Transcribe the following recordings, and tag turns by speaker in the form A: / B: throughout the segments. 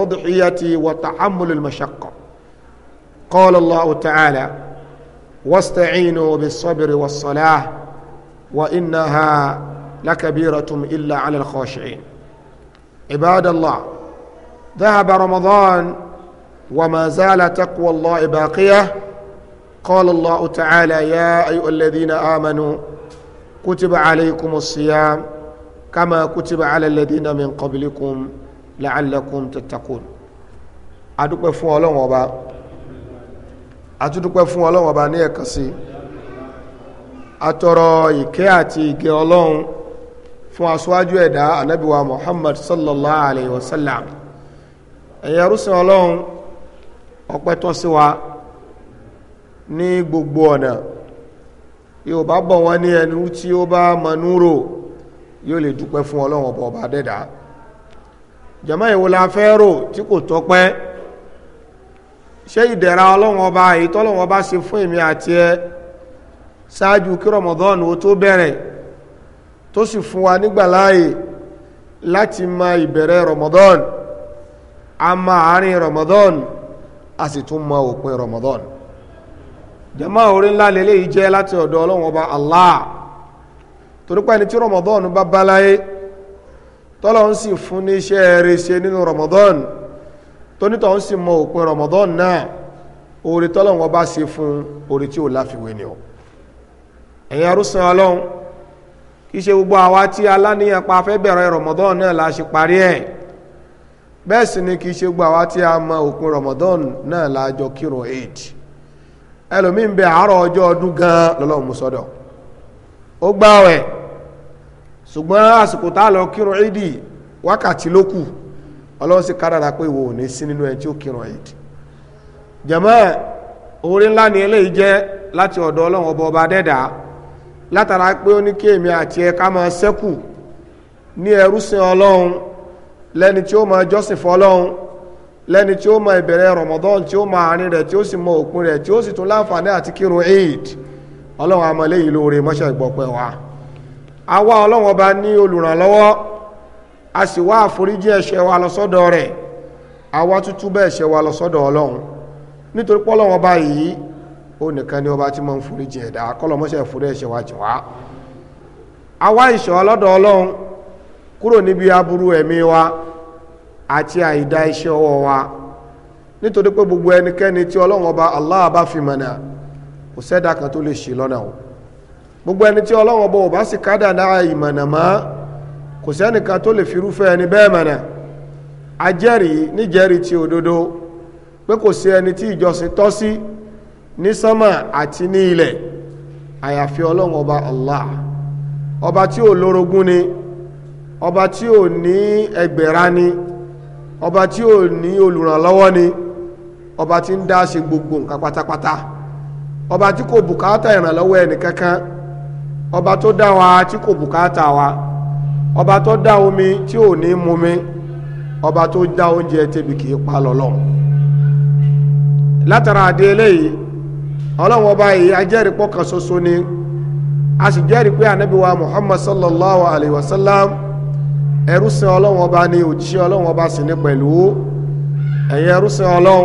A: التضحية وتحمل المشقة قال الله تعالى واستعينوا بالصبر والصلاة وإنها لكبيرة إلا على الخاشعين عباد الله ذهب رمضان وما زال تقوى الله باقية قال الله تعالى يا أيها الذين آمنوا كتب عليكم الصيام كما كتب على الذين من قبلكم la'allakum tattaqun adúpẹ́ fún ọlọ́run ọba atúdúpẹ́ fún ọlọ́run ọba ní ẹ̀kan sí atọrọ ìkẹ́ àti ìgẹ́ ọlọ́run fún aṣáájú ẹ̀dá anábíwa muhammad sallallahu alayhi wa sallam ẹ̀yẹ rúsìn ọlọ́run ọpẹ́ tọ́ wa ní gbogbo ọ̀nà yóò bá bọ̀ wọ́n ní ẹnu tí ó bá mọ̀núrò yóò lè dúpẹ́ fún ọlọ́run ọba ọba jama ìwo la fẹ́ rò tí kò tọ́pẹ́ ṣé ìdẹ̀ra ọlọ́run ọba èyí tọ́lọ́run ọba ṣe fún èmi àti ẹ ṣáájú kí rọmọdọ́ọ̀nù ó tó bẹ̀rẹ̀ tó sì fún wa nígbàláàyè láti ma ìbẹ̀rẹ̀ rọmọdọ́ọ̀n a ma àárín rọmọdọ́ọ̀n a sì tún ma òpin rọmọdọ́ọ̀n jama orí ńlá lélẹ́yìí jẹ́ láti ọ̀dọ̀ ọlọ́run ọba Allah torípa ẹni tí rọmọdọ́ọ̀nù bá bá láyé tọ́lọ́ ń sì fún ní iṣẹ́ rẹ̀ ṣe nínú Ramadan tónítọ̀ ń sì mọ òpin Ramadan náà oore tọ́lọ́ wọn bá ṣe fún oore tí ò láfiwé ni ọ ẹ̀yin arúsàn ọlọ́run kì í ṣe gbogbo àwa tí aláníyàn fẹ́ bẹ̀rẹ̀ Ramadan náà la ṣe parí ẹ̀ bẹ́ẹ̀ sì ni kì ṣe gbogbo àwa tí a mọ òpin Ramadan náà la jọ kírun eid ẹlòmíín bẹ àárọ̀ ọjọ́ ọdún gan-an lọ́lọ́run mú ṣùgbọ́n àsìkò tá lọ kírun ìdí wákàtí ló kù ọlọ́run sì kádàrà pé ìwọ ò sí nínú ẹni tí ó kírun ìdí jẹ̀mọ́ orí ńlá ni jẹ́ láti ọ̀dọ̀ ọlọ́run ọba ọba dẹ́dà látara pé ó ní kí èmi àti ẹ máa ní ẹrúsìn ọlọ́run lẹ́ni tí ó fọlọ́run lẹ́ni tí ó ìbẹ̀rẹ̀ tí ó àárín rẹ̀ tí ó sì mọ àwa ọlọ́run ọba ní olùrànlọ́wọ́ a sì wá àforíjì ẹ̀ṣẹ̀ wa lọ sọ́dọ̀ rẹ̀ àwa tútú bẹ́ẹ̀ ẹ̀ṣẹ̀ wa lọ ọlọ́run nítorí pọ́lọ́run ọba yìí ó nìkan ni ọba tí máa ń foríjì ẹ̀dá kọ́lọ́mọṣẹ́ forí ẹ̀ṣẹ̀ wa jì wá àwa ìṣọ́ ọlọ́dọ̀ ọlọ́run kúrò níbi aburú ẹ̀mí wa àti àìdá iṣẹ́ ọwọ́ wa nítorí pé gbogbo ẹnikẹ́ni tí ọlọ́run ọba Allah bá fi mọ̀nà kò sẹ́dá kan tó lè ṣì lọ́nà o gbogbo ẹni tí ọlọ́wọ́ bọ̀ bá sì kádàrá ìmọ̀nà mọ́ kò sẹ́nìkan tó lè firúfẹ́ ẹni bẹ́ẹ̀ mọ̀nà ajẹ́rìí níjẹ́rìí ti òdodo pé kò sí ẹni tí ìjọsìn tọ́ sí ní sánmà àti ní ilẹ̀ àyàfi ọlọ́wọ́ ọba ọba tí ò lórogún ni ọba tí ò ní ẹgbẹ̀ra ni ọba tí ò ní olùrànlọ́wọ́ ni ọba tí ń dá gbogbo nǹkan pátápátá ọba tí ọba tó dá wa tí kò bùkátà wa ọba tó dá omi tí ò ní mumi ọba tó dá oúnjẹ tẹbi kì í pa lọlọ látara àdé eléyìí ọlọ́run ọba yìí ajẹ́rìí pọ̀ kan ṣoṣo ni a sì jẹ́rìí pé ànábì wa muhammad sallallahu alayhi wa sallam ẹrú sin ọlọ́run ọba ni òjíṣẹ́ ọlọ́run ọba sì ní pẹ̀lú ẹ̀yin ẹrú sin ọlọ́run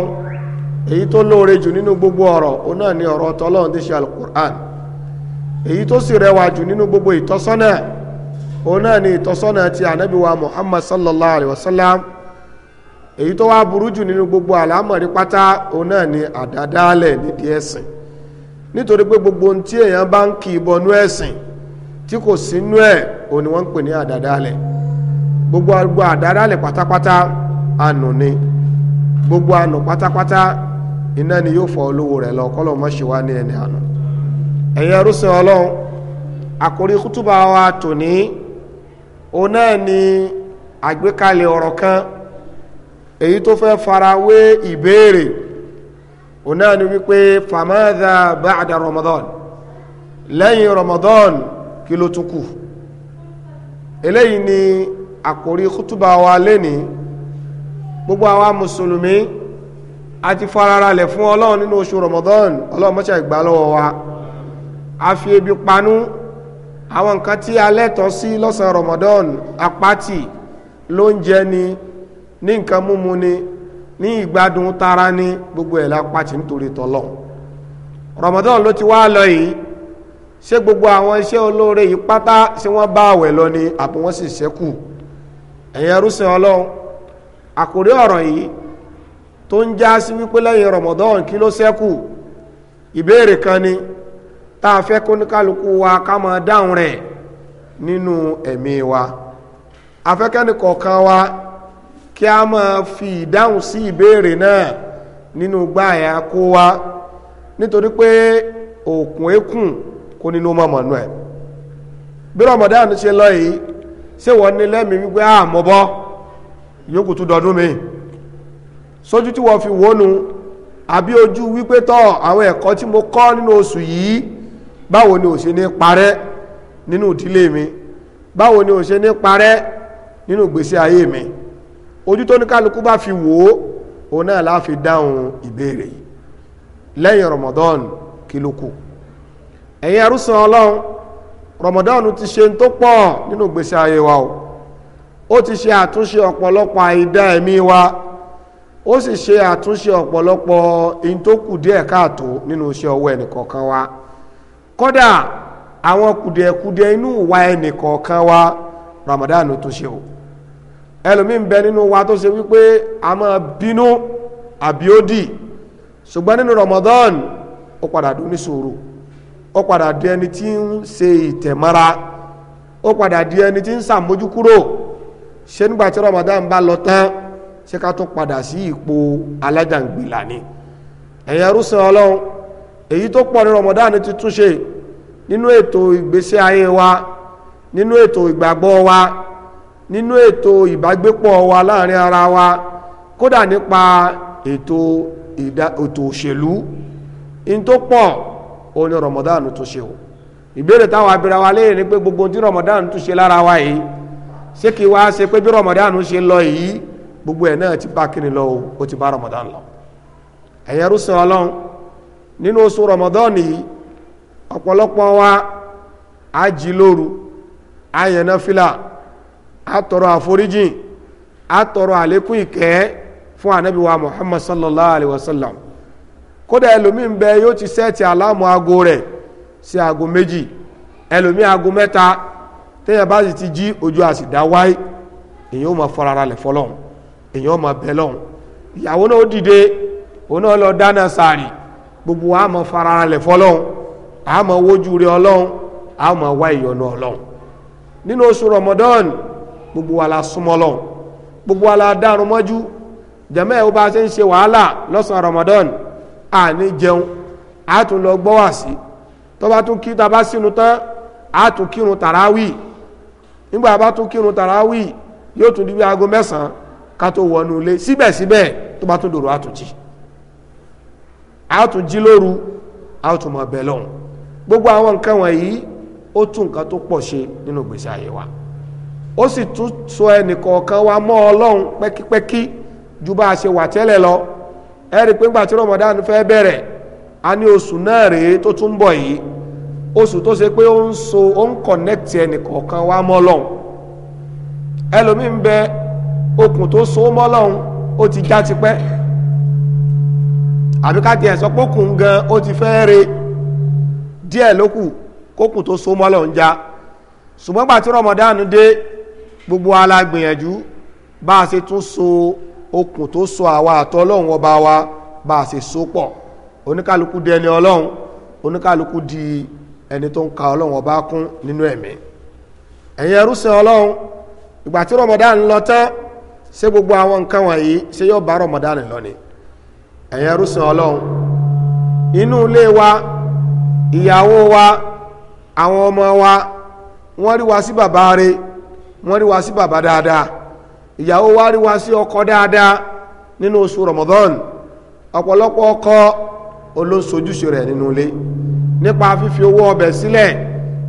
A: èyí tó lóore jù nínú gbogbo ọ̀rọ̀ òun náà ni ọ̀rọ̀ tọ́lọ́run tí ṣe alukur'an èyí tó sì rẹwà jù nínú gbogbo ìtọ́sọ́nà òun náà ni ìtọ́sọ́nà ti wa muhammad sallallahu alayhi wa sallam èyí tó wá burú jù nínú gbogbo àlámọ̀rí pátá òun náà ni àdádálẹ̀ nídìí ẹ̀sìn nítorí pé gbogbo ohun tí èèyàn bá ń kì í ẹ̀sìn tí kò ẹ̀ òun ni wọ́n ń pè ní àdádálẹ̀ gbogbo àgbo àdádálẹ̀ pátápátá ànù ni gbogbo pátápátá iná ni yóò fọ olówó rẹ̀ lọ kọ́lọ́ mọ́ ṣe wá ní ẹni àná ẹ̀yin arúsìn ọlọ́run àkórí kútùbà wa tòní òun náà ni àgbékalẹ̀ ọ̀rọ̀ kan èyí tó fẹ́ farawé ìbéèrè òun náà ni wípé famadha ba'da Ramadan lẹ́yìn Ramadan kí ló tún kù eléyìí ni àkórí kútùbà wa lénìí gbogbo àwa mùsùlùmí a ti fararalẹ̀ fún ọlọ́run nínú oṣù Ramadan ọlọ́run mọ́ṣẹ́ ìgbà lọ́wọ́ wa a fi ebi panú àwọn nǹkan tí a lẹ́tọ̀ọ́ sí lọ́sàn Ramadan apáti ló ń jẹ ni ní nǹkan múmu ni ní ìgbádùn tara ni gbogbo ẹ̀ lápáti nítorí tọ́lọ̀ Ramadan ló ti wá lọ yìí ṣé gbogbo àwọn iṣẹ́ olóore yìí pátá ṣé wọ́n bá àwẹ̀ lọ ni àbí wọ́n sì ṣẹ́kù ẹ̀yẹ rúṣin ọlọ́run àkórí ọ̀rọ̀ yìí tó ń já sí wípé lẹ́yìn Ramadan kí ló ṣẹ́kù ìbéèrè kan ni tá a fẹ́ kó ní kálukú wa ká máa dáhùn rẹ̀ nínú ẹ̀mí wa afẹ́kẹ́ni kọ̀ọ̀kan wa kí a máa fi ìdáhùn sí ìbéèrè náà nínú gbáàyà kó wa nítorí pé òkun ekun kó nínú mọ̀mọ̀nú ẹ̀ bí biro ṣe lọ yìí ṣé wọ́n ní lẹ́mìí wípé àmọ́ bọ́ yókù tún dọdún mi sójú tí wọ́n fi wónú àbí ojú wípé tọ́ àwọn ẹ̀kọ́ tí mo kọ́ nínú oṣù yìí báwo ni ò ṣe ní parẹ́ nínú ìdílé mi báwo ni ò ṣe ní parẹ́ nínú ìgbésí ayé mi ojú tó ní kálukú bá fi wò ó òun náà la fi dáhùn ìbéèrè yìí lẹ́yìn Ramadan kí ló kù arúsàn ọlọ́run Ramadan ti ṣe tó pọ̀ nínú ìgbésí ayé wa o ó ti ṣe àtúnṣe ọ̀pọ̀lọpọ̀ àìdá ẹ̀mí wa ó sì ṣe àtúnṣe ọ̀pọ̀lọpọ̀ in tó kù díẹ̀ káàtó nínú iṣẹ́ ọwọ́ ẹnìkọ̀ọ̀kan wa kódà àwọn kùdìẹ̀kùdìẹ̀ inú wa ẹnìkọ̀ọ̀kan wa Ramadan tó ṣe o ẹlòmíín bẹ nínú wa tó ṣe wípé a máa bínú àbí ó dì ṣùgbọ́n nínú Ramadan ó padà dún ní sùúrù ó padà di ẹni tí ń ṣe ìtẹ̀mára ó padà di ẹni tí ń ṣàmójúkúrò nígbà tí Ramadan bá lọ tán ká tún padà sí èyí tó pọ̀ ní Ramadan ti túnṣe nínú ètò ìgbésí ayé wa nínú ètò ìgbàgbọ́ wa nínú ètò ìbágbépọ̀ wa láàrin ara wa kódà nípa ètò ètò òṣèlú in tó pọ̀ ó ní Ramadan túnṣe o ìbéèrè táwọn wa ni pé gbogbo tí Ramadan túnṣe lára wa yìí ṣé kí wá ṣe pé bí Ramadan ṣe lọ gbogbo ẹ̀ ti bá lọ o ti bá Ramadan lọ sọ nínú oṣù rọmọdọ́ọ̀nì yìí ọ̀pọ̀lọpọ̀ wa a jí lóru a yẹ̀nà fílà a tọrọ àforíjìn a tọrọ àlékún ìkẹ́ fún ànábì wa muhammad sallallahu alaihi wasallam kódà ẹlòmíín bẹ yóò ti sẹ́ẹ̀tì aláàmù ago rẹ̀ sí ago méjì ẹlòmíín ago mẹ́ta téèyàn bá sì ti jí ojú a wáyé èyàn ó máa fọrara lẹ̀ fọlọ́hún èyàn ó máa bẹ ìyàwó náà ó dìde òun náà lọ dáná gbogbo wa máa fara rẹ̀ fọlọ́hún a máa wojú rẹ̀ ọlọ́hún a máa wá ìyọ́nú ọlọ́hún nínú oṣù Ramadan gbogbo wa la súnmọ́ ọlọ́hún gbogbo wa la dárun mọ́jú jẹ́mọ́ ẹ̀ ó bá ṣe ń ṣe wàhálà lọ́sàn-án Ramadan a ní jẹun a tún lọ gbọ́ wá sí tọ́ba tún kí taba sínú tán a tún kírun tàràwì nígbà bá tún kírun tàràwì yóò tún di bí aago mẹ́sàn-án ká tó wọnú ilé síbẹ̀síbẹ̀ tó bá tún dòrò àtúntì. a tún jí lóru a tún gbogbo àwọn nǹkan wọ̀nyí ó tún nǹkan tó pọ̀ ṣe nínú ayé wa ó sì tún so wa mọ́ ọlọ́run pẹ́kípẹ́kí ju bá a ṣe wà tẹ́lẹ̀ lọ ẹ rí i pé ńgbà tí fẹ́ bẹ̀rẹ̀ a ní oṣù náà rèé tó tún bọ̀ yìí oṣù tó ṣe pé so ó ń wa mọ́ ọlọ́run ẹlòmíín bẹ okùn tó so mọ́ ọlọ́run ó ti àbí ká tiẹ̀ sọ pókùn gan ó ti fẹ́ re díẹ̀ lókù kókùn tó so mọ́lọ̀ ń já ṣùgbọ́n tí rọmọdánù dé gbogbo alágbìyànjú bá a ṣe tún so okùn tó so àwa àtọ́ ọlọ́run ọba wa bá a ṣe so pọ̀ oníkálukú di ẹni ọlọ́run oníkálukú di ẹni tó ń ka ọlọ́run ọba kún nínú ẹ̀mí ẹ̀yin ẹrúsìn ọlọ́run ìgbà tí rọmọdánù lọ tán ṣé gbogbo àwọn nǹkan wọ̀nyí ṣé yóò bá rọmọdánù lọ ni ẹ̀yẹn rúsùn ọlọ́run inú ilé wa ìyàwó wa àwọn ọmọ wa wọ́n rí wa sí bàbá rẹ̀ wọ́n rí wa sí bàbá dáadáa ìyàwó wa rí wa sí ọkọ dáadáa nínú oṣù Ramadan ọ̀pọ̀lọpọ̀ ọkọ olóṣojúṣe rẹ̀ nínú ilé nípa fífi owó ọbẹ̀ sílẹ̀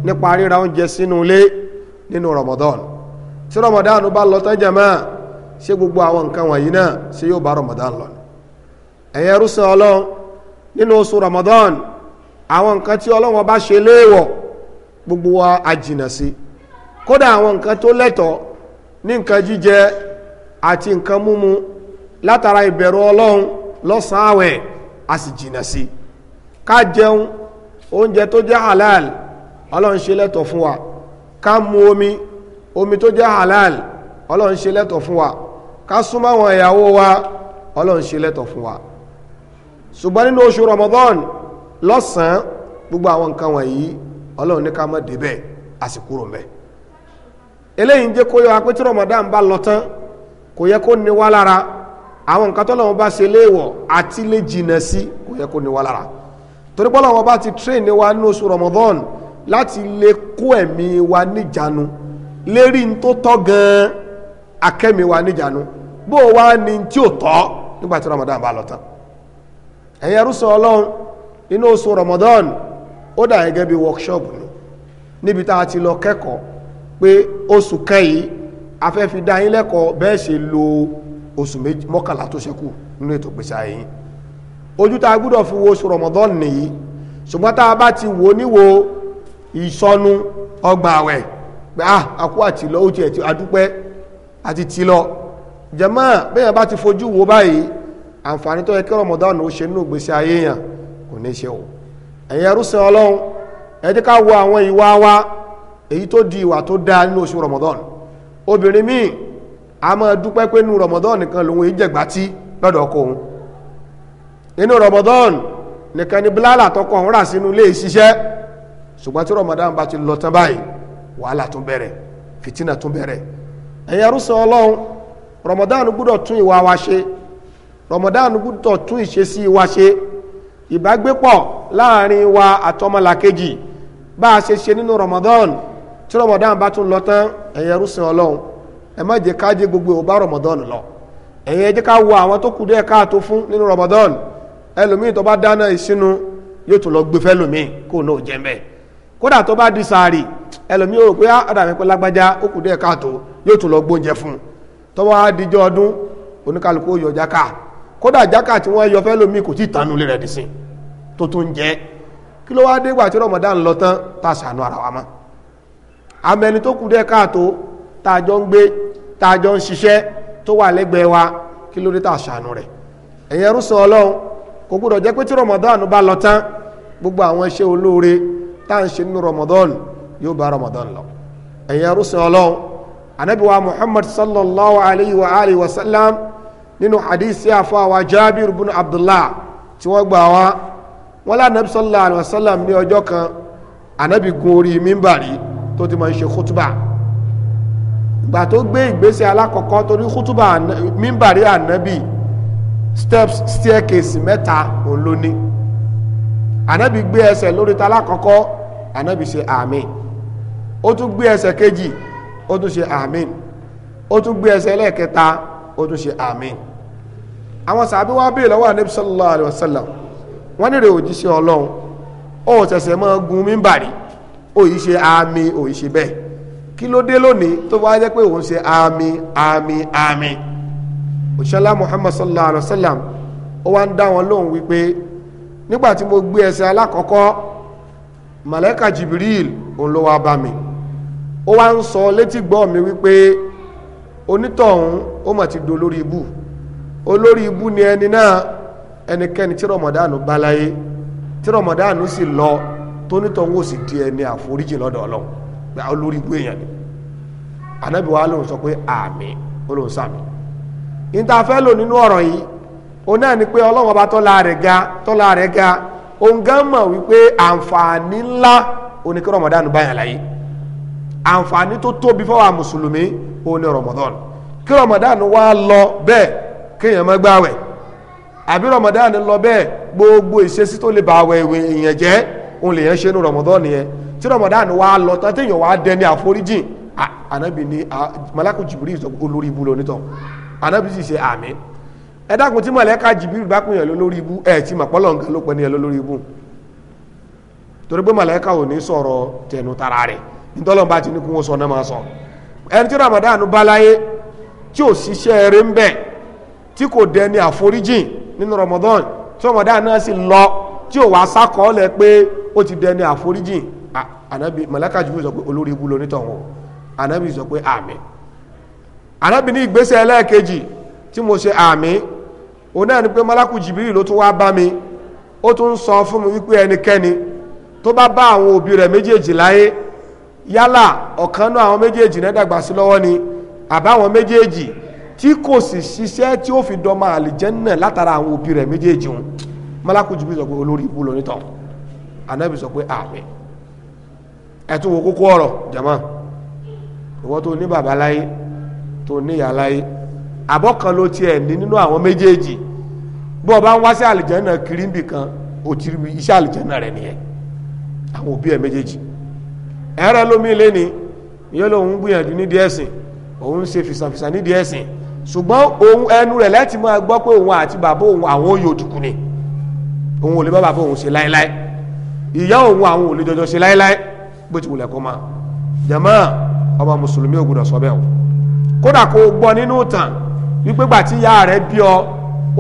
A: nípa ríra oúnjẹ sínú ilé nínú Ramadan tí Ramadan bá lọ tán jàmáà ṣé gbogbo àwọn nǹkan wọ̀nyí náà ṣé yóò bá Ramadan lọ ni ẹ̀yẹ rúṣẹ́ ọlọ́run nínú oṣù Ramadan àwọn nǹkan tí ọlọ́run ọba ṣe léèwọ̀ gbogbo wa àjìnà sí kódà àwọn nǹkan tó lẹ́tọ̀ọ́ ní nǹkan jíjẹ àti nǹkan múmu látara ìbẹ̀rù ọlọ́run lọ́sàn àwẹ̀ a sì jìnà sí ká jẹun oúnjẹ tó jẹ́ halal ọlọ́run ṣe lẹ́tọ̀ọ́ fún wa ká mu omi omi tó jẹ́ halal ọlọ́run ṣe lẹ́tọ̀ọ́ fún wa ká súnmọ́ àwọn ìyàwó wa ọlọ́run ṣe fún wa ṣùgbọ́n nínú oṣù Ramadan lọ́sàn-án gbogbo àwọn nǹkan wọ̀nyí ọlọ́run ní ká má débẹ̀ a sì kúrò mbẹ̀ jẹ́ kó yọ apẹ́ Ramadan bá lọ tán kò yẹ kó ní wá lára àwọn nǹkan tọ́lọ́run bá ṣe léèwọ̀ àti lè jìnà sí kò yẹ kó ní wá lára torí pọ́lọ́run bá ti train ní wa nínú oṣù Ramadan láti lè kó ẹ̀mí wa níjànú lérí ní tó tọ́ gan-an akẹ́mi wa níjànú bó o wá ní tí ò tọ́ nígbà tí Ramadan bá lọ ẹ̀yẹ rúṣọ ọlọ́run nínú oṣù Ramadan ó dà gẹ́gẹ́ bí workshop ni níbi tá a ti lọ kẹ́kọ̀ọ́ pé oṣù kan yìí a fẹ́ fi dá yín lẹ́kọ̀ọ́ bẹ́ẹ̀ ṣe lo oṣù mọ́kànlá tó ṣẹ́kù nínú ètò ìgbésí ayé ojú tá gbúdọ̀ fi wo oṣù Ramadan nìyí ṣùgbọ́n tá a bá ti wò níwò ìsọnù ọgbà àwẹ̀ pé ah àkó àti lọ ó ti ẹ̀ ti adúpẹ́ àti ti lọ jẹ̀mọ́ bẹ́ẹ̀ bá ti fojú wo báyìí àǹfààní tó yẹ kí Ramadan ó ṣe nínú ìgbésí ayé yàn kò ní ṣe o ẹ̀yin ẹrúsìn Ọlọ́run ẹ wo àwọn ìwà wa èyí tó di ìwà tó dáa nínú oṣù Ramadan obìnrin míì a máa dúpẹ́ pé nínú Ramadan nìkan lòun èyí jẹ̀gbátí lọ́dọ̀ ọkọ òun nínú Ramadan nìkan ni bílálà tọkọ òun rà sínú ilé ìṣiṣẹ́ ṣùgbọ́n tí Ramadan bá ti lọ tán báyìí wàhálà tún bẹ̀rẹ̀ fìtínà tún bẹ̀rẹ̀ ẹ̀yin ẹrúsìn Ọlọ́run Ramadan gbọ́dọ̀ tún ìwà wa ṣe Ramadan gbúdọ̀ tún ìṣesí wa ṣe ìbágbépọ̀ láàrin wa àtọmọlàkejì bá a ṣe ṣe nínú Ramadan tí Ramadan bá tún lọ tán ẹ̀yẹ rúṣin Ọlọ́run ẹ má jẹ́ ká jẹ́ gbogbo ọba Ramadan lọ ẹ̀yẹ jẹ́ ká wo àwọn tó kù díẹ̀ káàtó fún nínú Ramadan ẹlòmíì tó bá dáná ìsinu yóò tún lọ gbé fẹ́lòmíì kó o náà jẹ́ mbẹ́ kódà tó bá di sàárì ẹlòmíì rò pé àdàmì pé lágbájá ó kù díẹ̀ káàtó yóò tún lọ gbóúnjẹ fún tọ́wọ́ á dijọ́ ọdún oníkálukú yọjá káà kódà jákà tí wọ́n yọ fẹ́ lómi kò tí tanú lè rẹ̀ dì sí tó tún jẹ́ kí ló wá dégbà tí rọmọdá ń lọ tán tá a ṣàánú ara wa mọ́ amẹni tó kù dẹ́ káàtó tá a jọ ń gbé tá a jọ ń ṣiṣẹ́ tó wà lẹ́gbẹ̀ẹ́ wa kí ló dé tá a rẹ̀ ẹ̀yin ẹrú ọlọ́run kò gbúdọ̀ jẹ́ pé tí rọmọdán bá lọ tán gbogbo àwọn iṣẹ́ olóore tá à ń ṣe nínú rọmọdán yóò bá rọmọdán lọ ẹ̀yin ẹrú ọlọ́run anabiwa muhammad sallallahu alayhi wa alihi wa sallam nínú hadisi àfọwà Jabir bin Abdullah tí wọ́n gbà wá wọ́n lánàbí sallallahu alaihi wasallam ní ọjọ́ kan ànábì gun orí mímbàrí tó ti máa ń ṣe kútùbà ìgbà tó gbé ìgbésẹ̀ alákọ̀ọ́kọ́ torí kútùbà mímbàrí ànábì steps staircase mẹ́ta òun ló ní ànábì gbé ẹsẹ̀ lórí ta alákọ̀ọ́kọ́ ànábì ṣe àmín ó tún gbé ẹsẹ̀ kejì ó tún ṣe àmín ó tún gbé ẹsẹ̀ lẹ́ẹ̀kẹta ó tún ṣe àmín àwọn sàbí wa béèrè lọ́wọ́ anabi sallallahu alayhi wa sallam wọ́n nílò òjíṣẹ́ ọlọ́run ó ṣẹ̀ṣẹ̀ máa gun mímbàrí ó yìí ṣe àmì ó yìí ṣe bẹ́ẹ̀ kí ló dé lónìí tó wá jẹ́ pé òun ṣe àmì àmì àmì òṣèlá muhammad sallallahu alayhi sallam ó wá ń dá wọn lóhùn wípé nígbà tí mo gbé ẹsẹ̀ alákọ̀ọ́kọ́ màlẹ́kà jibril òun ló wá bá mi ó wá ń sọ létí gbọ́ mi wípé onítọ̀hún ó mà ti do lórí ibù olórí ibú ni ẹni náà ẹnikẹ́ni tí rọmọdánù bá láyé tí rọmọdánù sì lọ tónítọ̀hún ò sì di ẹni àforíjì lọ́dọ̀ ọlọ́run gba olórí ibú èèyàn ni ànábì wa lòun sọ pé àmì olóhùn sàmì níta fẹ́ lò nínú ọ̀rọ̀ yìí ó náà ni pé ọlọ́run ọba tọ́lá rẹ̀ ga tọ́lá rẹ̀ ga òun gan mọ̀ wípé àǹfààní ńlá oníkẹ́ rọmọdánù báyàn láyé àǹfààní tó tóbi fọwọ́ mùsùlùmí òun rọmọdánù kí rọmọdánù wá lọ bẹ́ẹ̀ kéèyàn má gbààwẹ̀ àbí Ramadan lọ bẹ́ẹ̀ gbogbo ìṣesí tó lè ba èèyàn jẹ́ òun lèèyàn ṣe ní Ramadan yẹn tí Ramadan wà lọ tán téèyàn wà dẹni àforíjìn ni malakú jìbìrì olórí ibu lónítọ̀ ànábì sì ṣe àmín ẹ dákun tí mọ̀lẹ́ka jìbìrì bá yàn lórí ibu nǹkan ló ní yàn lórí ibu torí ti ní sọ náà tí kò dẹni àforíjìn nínú Ramadan tí Ramadan náà sì lọ tí ò wá sákọọ́lẹ̀ pé ó ti dẹni àforíjìn anabi malaka jibril sọ pé olórí ibú lonítọ̀ wọn anabi sọ pé àmì anabi ní ìgbésẹ̀ ẹlẹ́ẹ̀kejì tí mo ṣe àmì òun náà ni pé malaku jibril ló tún wá bá mi ó tún sọ fún mi wípé ẹnikẹ́ni tó bá bá àwọn òbí rẹ̀ méjèèjì láyé yálà ọ̀kan náà àwọn méjèèjì náà dàgbà sí lọ́wọ́ ni àbáwọn méjèèjì tí kò sì ṣiṣẹ́ tí ó fi dọ́mọ àlìjẹ́nà látara àwọn òbí rẹ̀ méjèèjì wọn malakú jù bí sọ pé olórí ibú lọ nítàn anábì sọ pé àmín ẹ̀tún wo kókó ọ̀rọ̀ jama ìwọ tó ní bàbá láyé tó ní ìyá láyé àbọ̀kan ló tiẹ̀ ní nínú àwọn méjèèjì bí ọba ń wá sí àlìjẹ́nà kiri ń bì kan ò ti rí iṣẹ́ àlìjẹ́nà rẹ̀ nìyẹn àwọn òbí ẹ̀ méjèèjì ẹ̀rọ lómi lé ní ìyẹn gbìyànjú nídìí ẹ̀sìn òun ṣe fìsànfìsàn nídìí ẹ̀sìn ṣùgbọ́n òun ẹnu rẹ̀ lẹ́tì máa gbọ́ pé òun àti bàbá òun àwọn oyè òdùkú ni òun ò lè bá bàbá òun ṣe láéláé ìyá òun àwọn ò lè jọjọ ṣe láéláé bó ti wulẹ̀ kó máa jàmá ọmọ mùsùlùmí ò gbọdọ̀ sọ bẹ́ẹ̀ o kódà kó o gbọ́ nínú ìtàn wípé gbà tí ìyá rẹ̀ bí ọ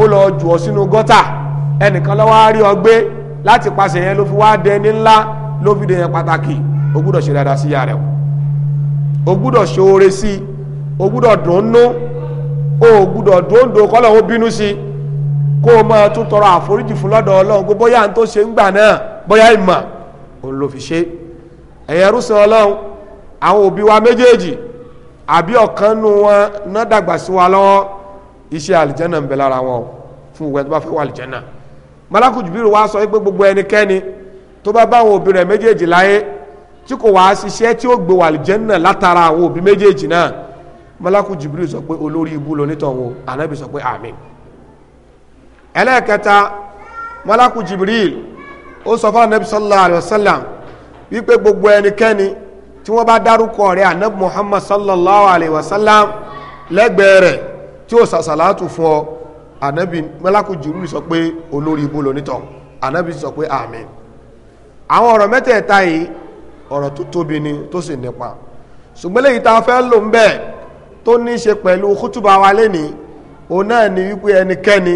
A: ó lọ jù ọ sínú gọ́tà ẹnìkan ló wá rí ọ gbé láti pàṣẹ yẹn ló fi wá dẹ ní ńlá ló fi dẹ yẹn o gbúdọ̀ dòńdò kọ́lọ̀ ó bínú sí kó o máa tún tọrọ àforíjì fún lọ́dọ̀ ọlọ́run pé bóyá n tó ṣe ń gbà náà bóyá ìmọ̀ òun ló fi ṣe ẹ̀yẹ rúṣin ọlọ́run àwọn òbí wa méjèèjì àbí ọ̀kan nu wọn náà dàgbà sí wa lọ́wọ́ iṣẹ́ àlìjẹ́nà ń bẹ lára wọn fún ìwé tó bá fẹ́ wà àlìjẹ́nà malakutu bíi wa sọ pé gbogbo ẹnikẹ́ni tó bá bá àwọn òbí rẹ̀ méjèèjì láyé tí kò wá ṣiṣẹ́ tí ó gbé wà àlìjẹ́nà látara àwọn òbí méjèèjì náà malaku jibril sọ pé olórí ibú lọ nítọ̀wọ́ anabi sọ pé amin ẹlẹ́ẹ̀kẹta malaku jibril ó sọ fún anabi sallallahu alayhi wa sallam wípé gbogbo ẹnikẹ́ni tí wọ́n bá dárúkọ rẹ̀ anabi muhammad sallallahu alayhi wa sallam lẹ́gbẹ̀ẹ́ rẹ̀ tí ó sàṣàlátù fún ọ anabi malaku jibril sọ pé olórí ibú lọ nítọ̀ anabi sọ pé amin àwọn ọ̀rọ̀ mẹ́tẹ̀ẹ̀ta yìí ọ̀rọ̀ tó tóbi ni tó sì nípa ṣùgbọ́n lèyí tá fẹ́ lò ń bẹ́ẹ̀ tó ní ṣe pẹ̀lú kútùbà wa lẹ́ni òun náà ni wípé ẹnikẹ́ni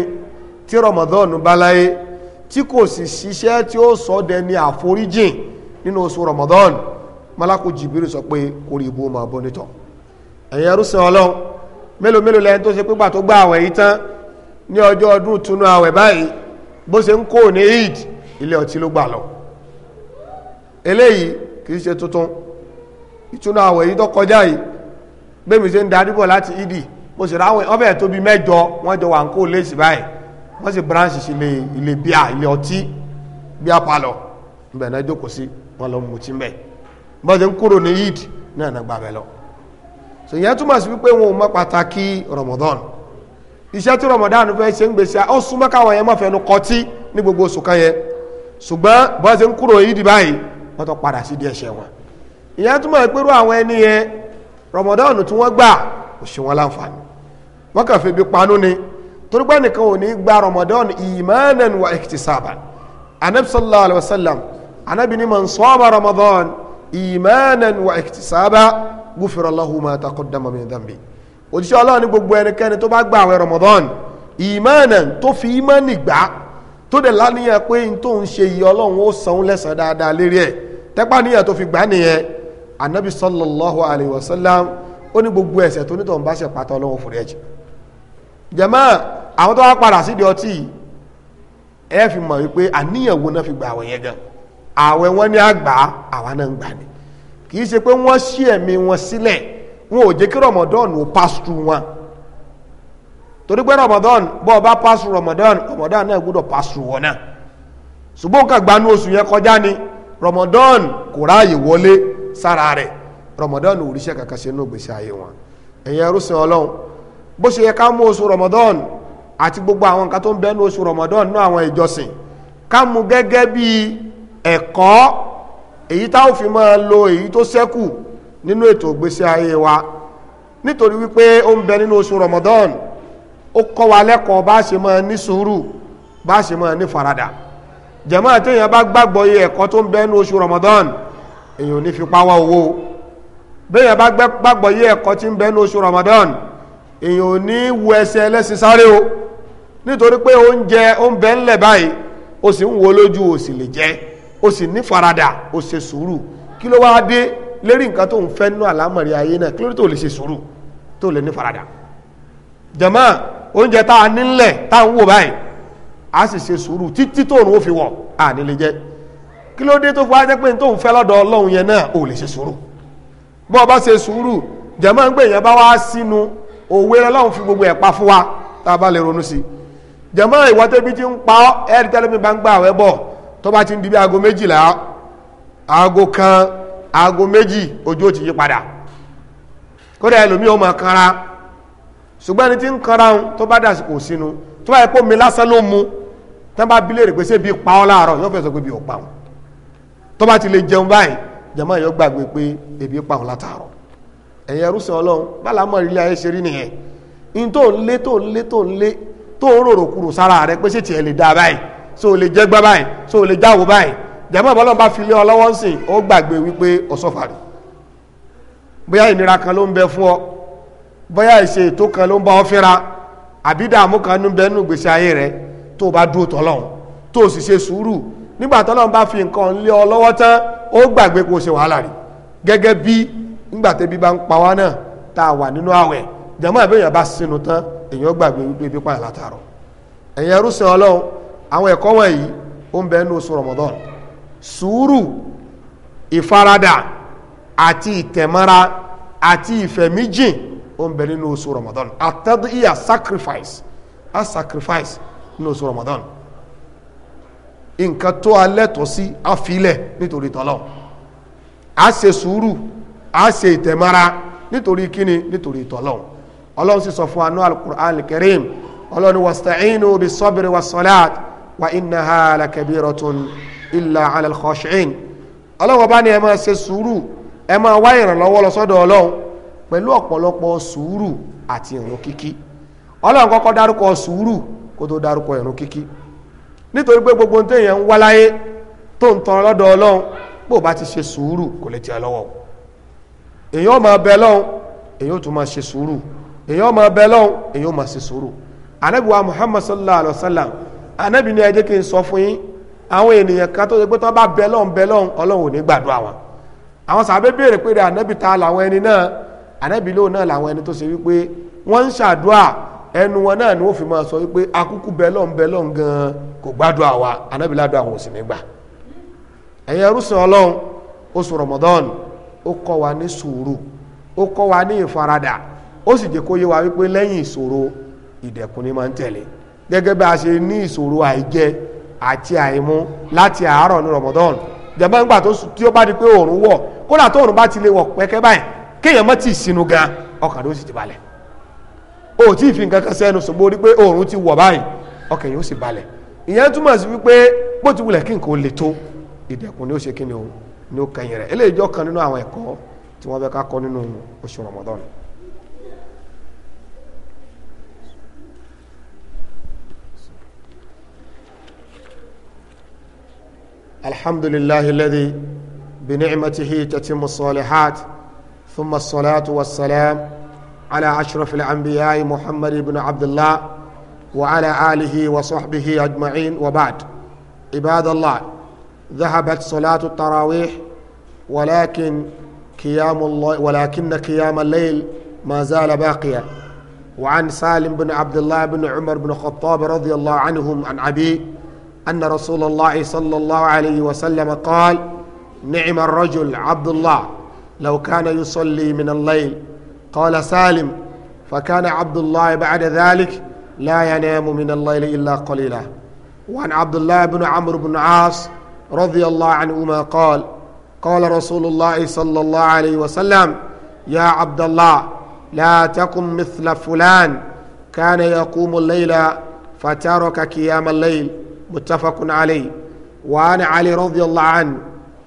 A: tí Ramadan bá láyé tí kò sì ṣiṣẹ́ tí ó sọ dẹni àforíjìn nínú oṣù Ramadan malako sọ pé kò rí ibú máa nítọ̀ ẹ̀yin ẹrúsìn Ọlọ́run mélòó mélòó lẹ́yìn tó ṣe pé gbà gba àwẹ̀ yìí tán ní ọjọ́ ọdún túnú àwẹ̀ báyìí bó ṣe ń kó ní eid ilé ọtí ló gbà lọ eléyìí ṣe tuntun bẹ́ẹ̀mi ṣe ń darí bọ̀ láti ìdí mo sì ráwọn ọbẹ̀ tó mẹ́jọ wọ́n jọ wà ń kó léèsì báyìí wọ́n sì branch sí ilé ilé bíà ilé ọtí bíà palọ̀ ibẹ̀ náà jókòó sí wọn lọ mutí ṣe ń kúrò ní náà náà gbàgbẹ́ lọ. sọ Ramadan iṣẹ́ Ramadan fẹ́ ṣe ń gbèsè súnmọ́ káwọn yẹn kọtí ní gbogbo oṣù kan yẹn ṣùgbọ́n rọmọdọ́ọ̀nù tí wọ́n gbà kò ṣe wọn láǹfààní wọ́n kàn fi bí panú ni torí pé nìkan ò ní gba rọmọdọ́ọ̀nù ìmánan wa ihtisaban anabi sallallahu alayhi wa sallam anabi ni man sọ́ọ̀mà rọmọdọ́ọ̀nù ìmánan wa ihtisaba gúfèrè Allahu ma taqaddama min dhanbi òjíṣẹ́ ọlọ́run ní gbogbo ẹnikẹ́ni tó bá gba àwẹ̀ rọmọdọ́ọ̀nù ìmánan tó fi ìmánì gbà tó dẹ̀ láníyàn pé n tó ń ṣe yìí ó san lẹ́san dáadáa lérí ẹ̀ tẹ́pá níyàn tó fi gbà nìyẹn anabi sallallahu alayhi wa sallam ó ní gbogbo ẹ̀ṣẹ̀ tó nítorí bá ṣe pàtó ọlọ́wọ́ fòrí ẹ̀jẹ̀ jàmáà àwọn tó wá padà sídìí ọtí ẹ fi mọ̀ wípé àníyàn wo náà fi gba àwẹ̀ yẹn gan àwẹ̀ wọn ní àgbà àwa náà ń gbà ní kì í ṣe pé wọ́n ṣí ẹ̀mí wọn sílẹ̀ wọn ò jẹ́ kí Ramadan ò pass wọn torí pé Ramadan bọ́ ọ bá pass Ramadan Ramadan náà gbọ́dọ̀ pass wọn náà ṣùgbọ́n nǹkan oṣù yẹn kọjá ni Ramadan kò ráàyè wọlé sára rẹ̀ Ramadan ò ríṣẹ́ kankan ṣe nínú gbèsè ayé wọn ẹ̀yẹ rúṣin Ọlọ́run bó ṣe yẹ ká mú oṣù Ramadan àti gbogbo àwọn nǹkan tó ń bẹ́nu oṣù Ramadan náà àwọn ìjọsìn ká mú gẹ́gẹ́ bí ẹ̀kọ́ èyí tá ò fi máa lo èyí tó ṣẹ́kù nínú ètò ìgbésí ayé wa nítorí wípé ó ń bẹ nínú oṣù Ramadan ó kọ́ wa lẹ́kọ̀ọ́ bá ṣe máa ní sùúrù bá ṣe máa ní faradà jàmáà téèyàn bá gbàgbọ́ iye ẹ̀kọ́ tó ń bẹ nínú oṣù Ramadan èyàn ò ní fipá wá owó bẹ́yàn bá gbàgbọ́ yé ẹ̀kọ́ tí ń bẹ ní oṣù Ramadan èyàn ò ní wu ẹsẹ̀ ẹlẹ́sìn sáré o nítorí pé oúnjẹ oúnbẹ ńlẹ̀ báyìí o sì ń wo lójú o sì lè jẹ o sì ní farada o ṣe sùúrù kí ló wáá dé lérí nǹkan tó ń fẹ́ nú àlámọ̀rí ayé náà kí ló tó lè ṣe sùúrù tó lè ní farada jàmáà oúnjẹ tá a nílẹ̀ tá a ń wò báyìí a sì ṣe sùúrù títí tóòrùn ó fi wọ̀ à nílé jẹ́ kí ló dé tó fọ́ ajẹ́ pé tó ń fẹ́ lọ́dọ̀ ọlọ́run yẹn náà ò lè ṣe sùúrù bọ́ ọ bá ṣe sùúrù jẹ̀mọ́ ń gbé yẹn bá wá sínú òwe ọlọ́run fi gbogbo ẹ̀ pa fún wa tá a bá lè ronú sí i jẹ̀mọ́ ìwọ tẹ́bi ti ń pa ọ́ ẹ̀rí tẹ́lẹ̀mí bá ń gbà wẹ́ bọ̀ tó bá ti ń di bí aago méjìlá aago kan aago méjì ojú ò ti yí padà kódà ẹlòmíì ó máa kanra ṣùgbọ́n ẹni tí ń kanra ń tó bá dàsìkò sínú tó bá yẹ kó mi lásán ló mu tán bá bilé rè pé ṣé bí pa ọ́ láàárọ̀ yóò fẹ́ sọ pé bí ò pa ọ́ tó bá ti lè jẹun báyìí jama yóò gbàgbé pé ebi pa òun látàárọ̀ ẹ̀yin ẹrú sìn ọlọ́run bálá mọ̀ ìrírí ayé ṣe rí nìyẹn in tó ń lé tó ń lé tó ń lé tó ń rorò kúrò sára rẹ pé ṣé tiẹ̀ lè dá báyìí so ò lè jẹ́ gbá báyìí so o lè jáwó báyìí jama ìbọ́lọ́run bá fi lé ọ lọ́wọ́ sìn ó gbàgbé wípé ọ̀sọ́fàrí bóyá ìnira kan ló ń bẹ fún ọ bóyá ìṣe ètò kan ló ń bá ọ fínra àbí kan ń bẹ nínú ìgbésí ayé rẹ tó bá dúró tọ́lọ́run tó sì ṣe sùúrù nigbata tọ́lọ́run bá fi nǹkan lé ọ lọ́wọ́ tán ó gbàgbé kó ṣe wàhálà rí gẹ́gẹ́ bí nígbà bá ń pa wá náà tá a wà nínú àwẹ̀ jàmọ́ àbẹ̀yàn bá sínú tán èèyàn gbàgbé wípé ibi pààyàn látàrọ̀ ẹ̀yìn ẹrúsìn ọlọ́run àwọn ẹ̀kọ́ wọ̀nyí ó ń bẹ nínú oṣù Ramadan sùúrù ìfaradà àti ìtẹ̀mọ́ra àti ó ń bẹ nínú oṣù sacrifice a sacrifice nínú oṣù nǹkan tó alẹ́tọ̀ sí àfilẹ̀ nítorí tọ́lọ́ a ṣe sùúrù a ṣe ìtẹ̀mára nítorí kíni nítorí tọ́lọ́ ọlọ́run sì sọ fún anú alukur'an karim ọlọ́run wasta'inu bis sabri was salat wa innaha lakabiratun illa ala al-khashi'in ọlọ́run bá ní ẹ máa ṣe sùúrù ẹ máa wá ìrànlọ́wọ́ lọ sọ́dọ̀ ọlọ́run pẹ̀lú ọ̀pọ̀lọpọ̀ sùúrù àti ìrun kíkí ọlọ́run kọ́kọ́ dárúkọ sùúrù kó tó dárúkọ ìrun kíkí nítorí pé gbogbo ohun téèyàn ń wá láyé tó ń tan lọ́dọ̀ ọlọ́run bó bá ti ṣe sùúrù kò lè tiẹ̀ lọ́wọ́ èyàn máa bẹ lọ́hùn èyàn tún máa ṣe sùúrù èyàn máa bẹ lọ́hùn èyàn máa ṣe sùúrù anabi wa muhammad sallallahu alayhi wa sallam anabi ni ẹ jẹ́ kí n sọ fún yín àwọn ènìyàn kan tó ṣe pé tó bá bẹ lọ́hùn bẹ lọ́hùn ọlọ́run ò ní gbàdúrà wọn àwọn sàbẹ béèrè pé anabi ta làwọn ẹni náà anabi lóun náà làwọn ẹni tó ṣe wípé wọ́n ń ṣàdúrà ẹnu wọn náà ni wọ́n sọ wípé akúkú bẹ́lọ̀n bẹ́lọ̀n gan kò gbádùn àwa anábìládùn àwọn òsì nígbà ẹ̀yin ẹrúsìn ọlọ́run oṣù Ramadan ó kọ́ wa ní sùúrù ó kọ́ ní ìfaradà ó sì jẹ́ kó wípé lẹ́yìn ìṣòro ìdẹ̀kùn ni máa ń tẹ̀lé gẹ́gẹ́ a ṣe ní ìṣòro àìjẹ àti àìmú láti àárọ̀ ní tí ó bá di pé òòrùn wọ̀ kódà tó òòrùn bá ti lè wọ̀ o tí fi nǹkan kan sẹ́nu ṣùgbọ́n rí ti wọ̀ báyìí ọkàn yóò sì balẹ̀ ìyẹn túmọ̀ sí wípé bó ti wulẹ̀ kí nǹkan ó tó ìdẹ̀kùn ni ó ṣe kí ni o ni ó kẹyìn rẹ̀ eléyìí jọ kan nínú àwọn ẹ̀kọ́ tí wọ́n fẹ́ ká kọ́ nínú oṣù Ramadan. الحمد لله الذي بنعمته تتم الصالحات ثم الصلاة والسلام على أشرف الأنبياء محمد بن عبد الله وعلى آله وصحبه أجمعين وبعد عباد الله ذهبت صلاة التراويح ولكن قيام الله ولكن قيام الليل ما زال باقيا وعن سالم بن عبد الله بن عمر بن الخطاب رضي الله عنهم عن أبي أن رسول الله صلى الله عليه وسلم قال نعم الرجل عبد الله لو كان يصلي من الليل قال سالم فكان عبد الله بعد ذلك لا ينام من الليل إلا قليلا وعن عبد الله بن عمرو بن عاص رضي الله عنهما قال قال رسول الله صلى الله عليه وسلم يا عبد الله لا تقم مثل فلان كان يقوم الليل فترك قيام الليل متفق عليه وعن علي رضي الله عنه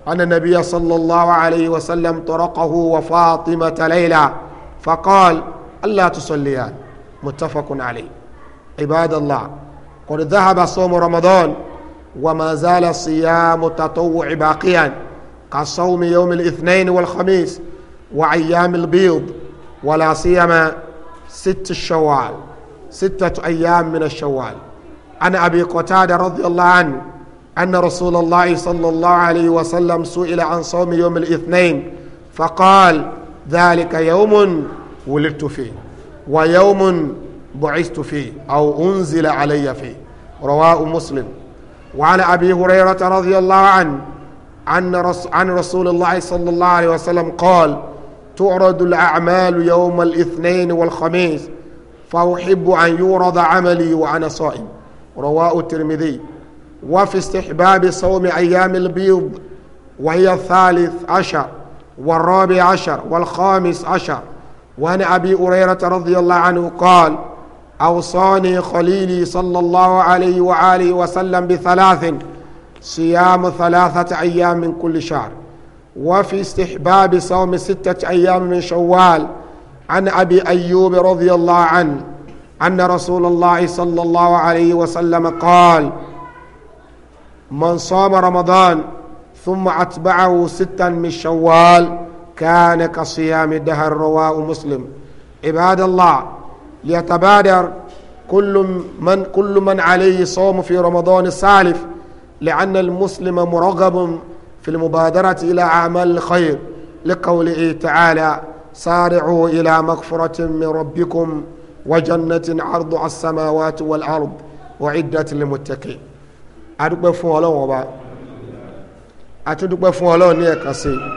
A: أن النبي صلى الله عليه وسلم طرقه وفاطمة ليلة فقال ألا تصليان متفق عليه عباد الله قد ذهب صوم رمضان وما زال صيام التطوع باقيا كصوم يوم الاثنين والخميس وأيام البيض ولا سيما ست الشوال ستة أيام من الشوال عن أبي قتادة رضي الله عنه أن رسول الله صلى الله عليه وسلم سئل عن صوم يوم الاثنين فقال ذلك يوم ولدت فيه ويوم بعثت فيه أو أنزل علي فيه رواه مسلم وعن أبي هريرة رضي الله عنه عن رسول الله صلى الله عليه وسلم قال تعرض الأعمال يوم الاثنين والخميس فأحب أن يورد عملي وأنا صائم رواه الترمذي وفي استحباب صوم أيام البيض وهي الثالث عشر والرابع عشر والخامس عشر وعن أبي هريرة رضي الله عنه قال أوصاني خليلي صلى الله عليه وآله وسلم بثلاث صيام ثلاثة أيام من كل شهر وفي استحباب صوم ستة أيام من شوال عن أبي أيوب رضي الله عنه أن رسول الله صلى الله عليه وسلم قال من صام رمضان ثم أتبعه ستا من شوال كان كصيام الدهر رواه مسلم عباد الله ليتبادر كل من كل من عليه صوم في رمضان السالف لأن المسلم مرغب في المبادرة إلى أعمال الخير لقوله تعالى سارعوا إلى مغفرة من ربكم وجنة عرضها السماوات والأرض وعدة للمتقين أدوك بفو الله أتدوك بفو الله سي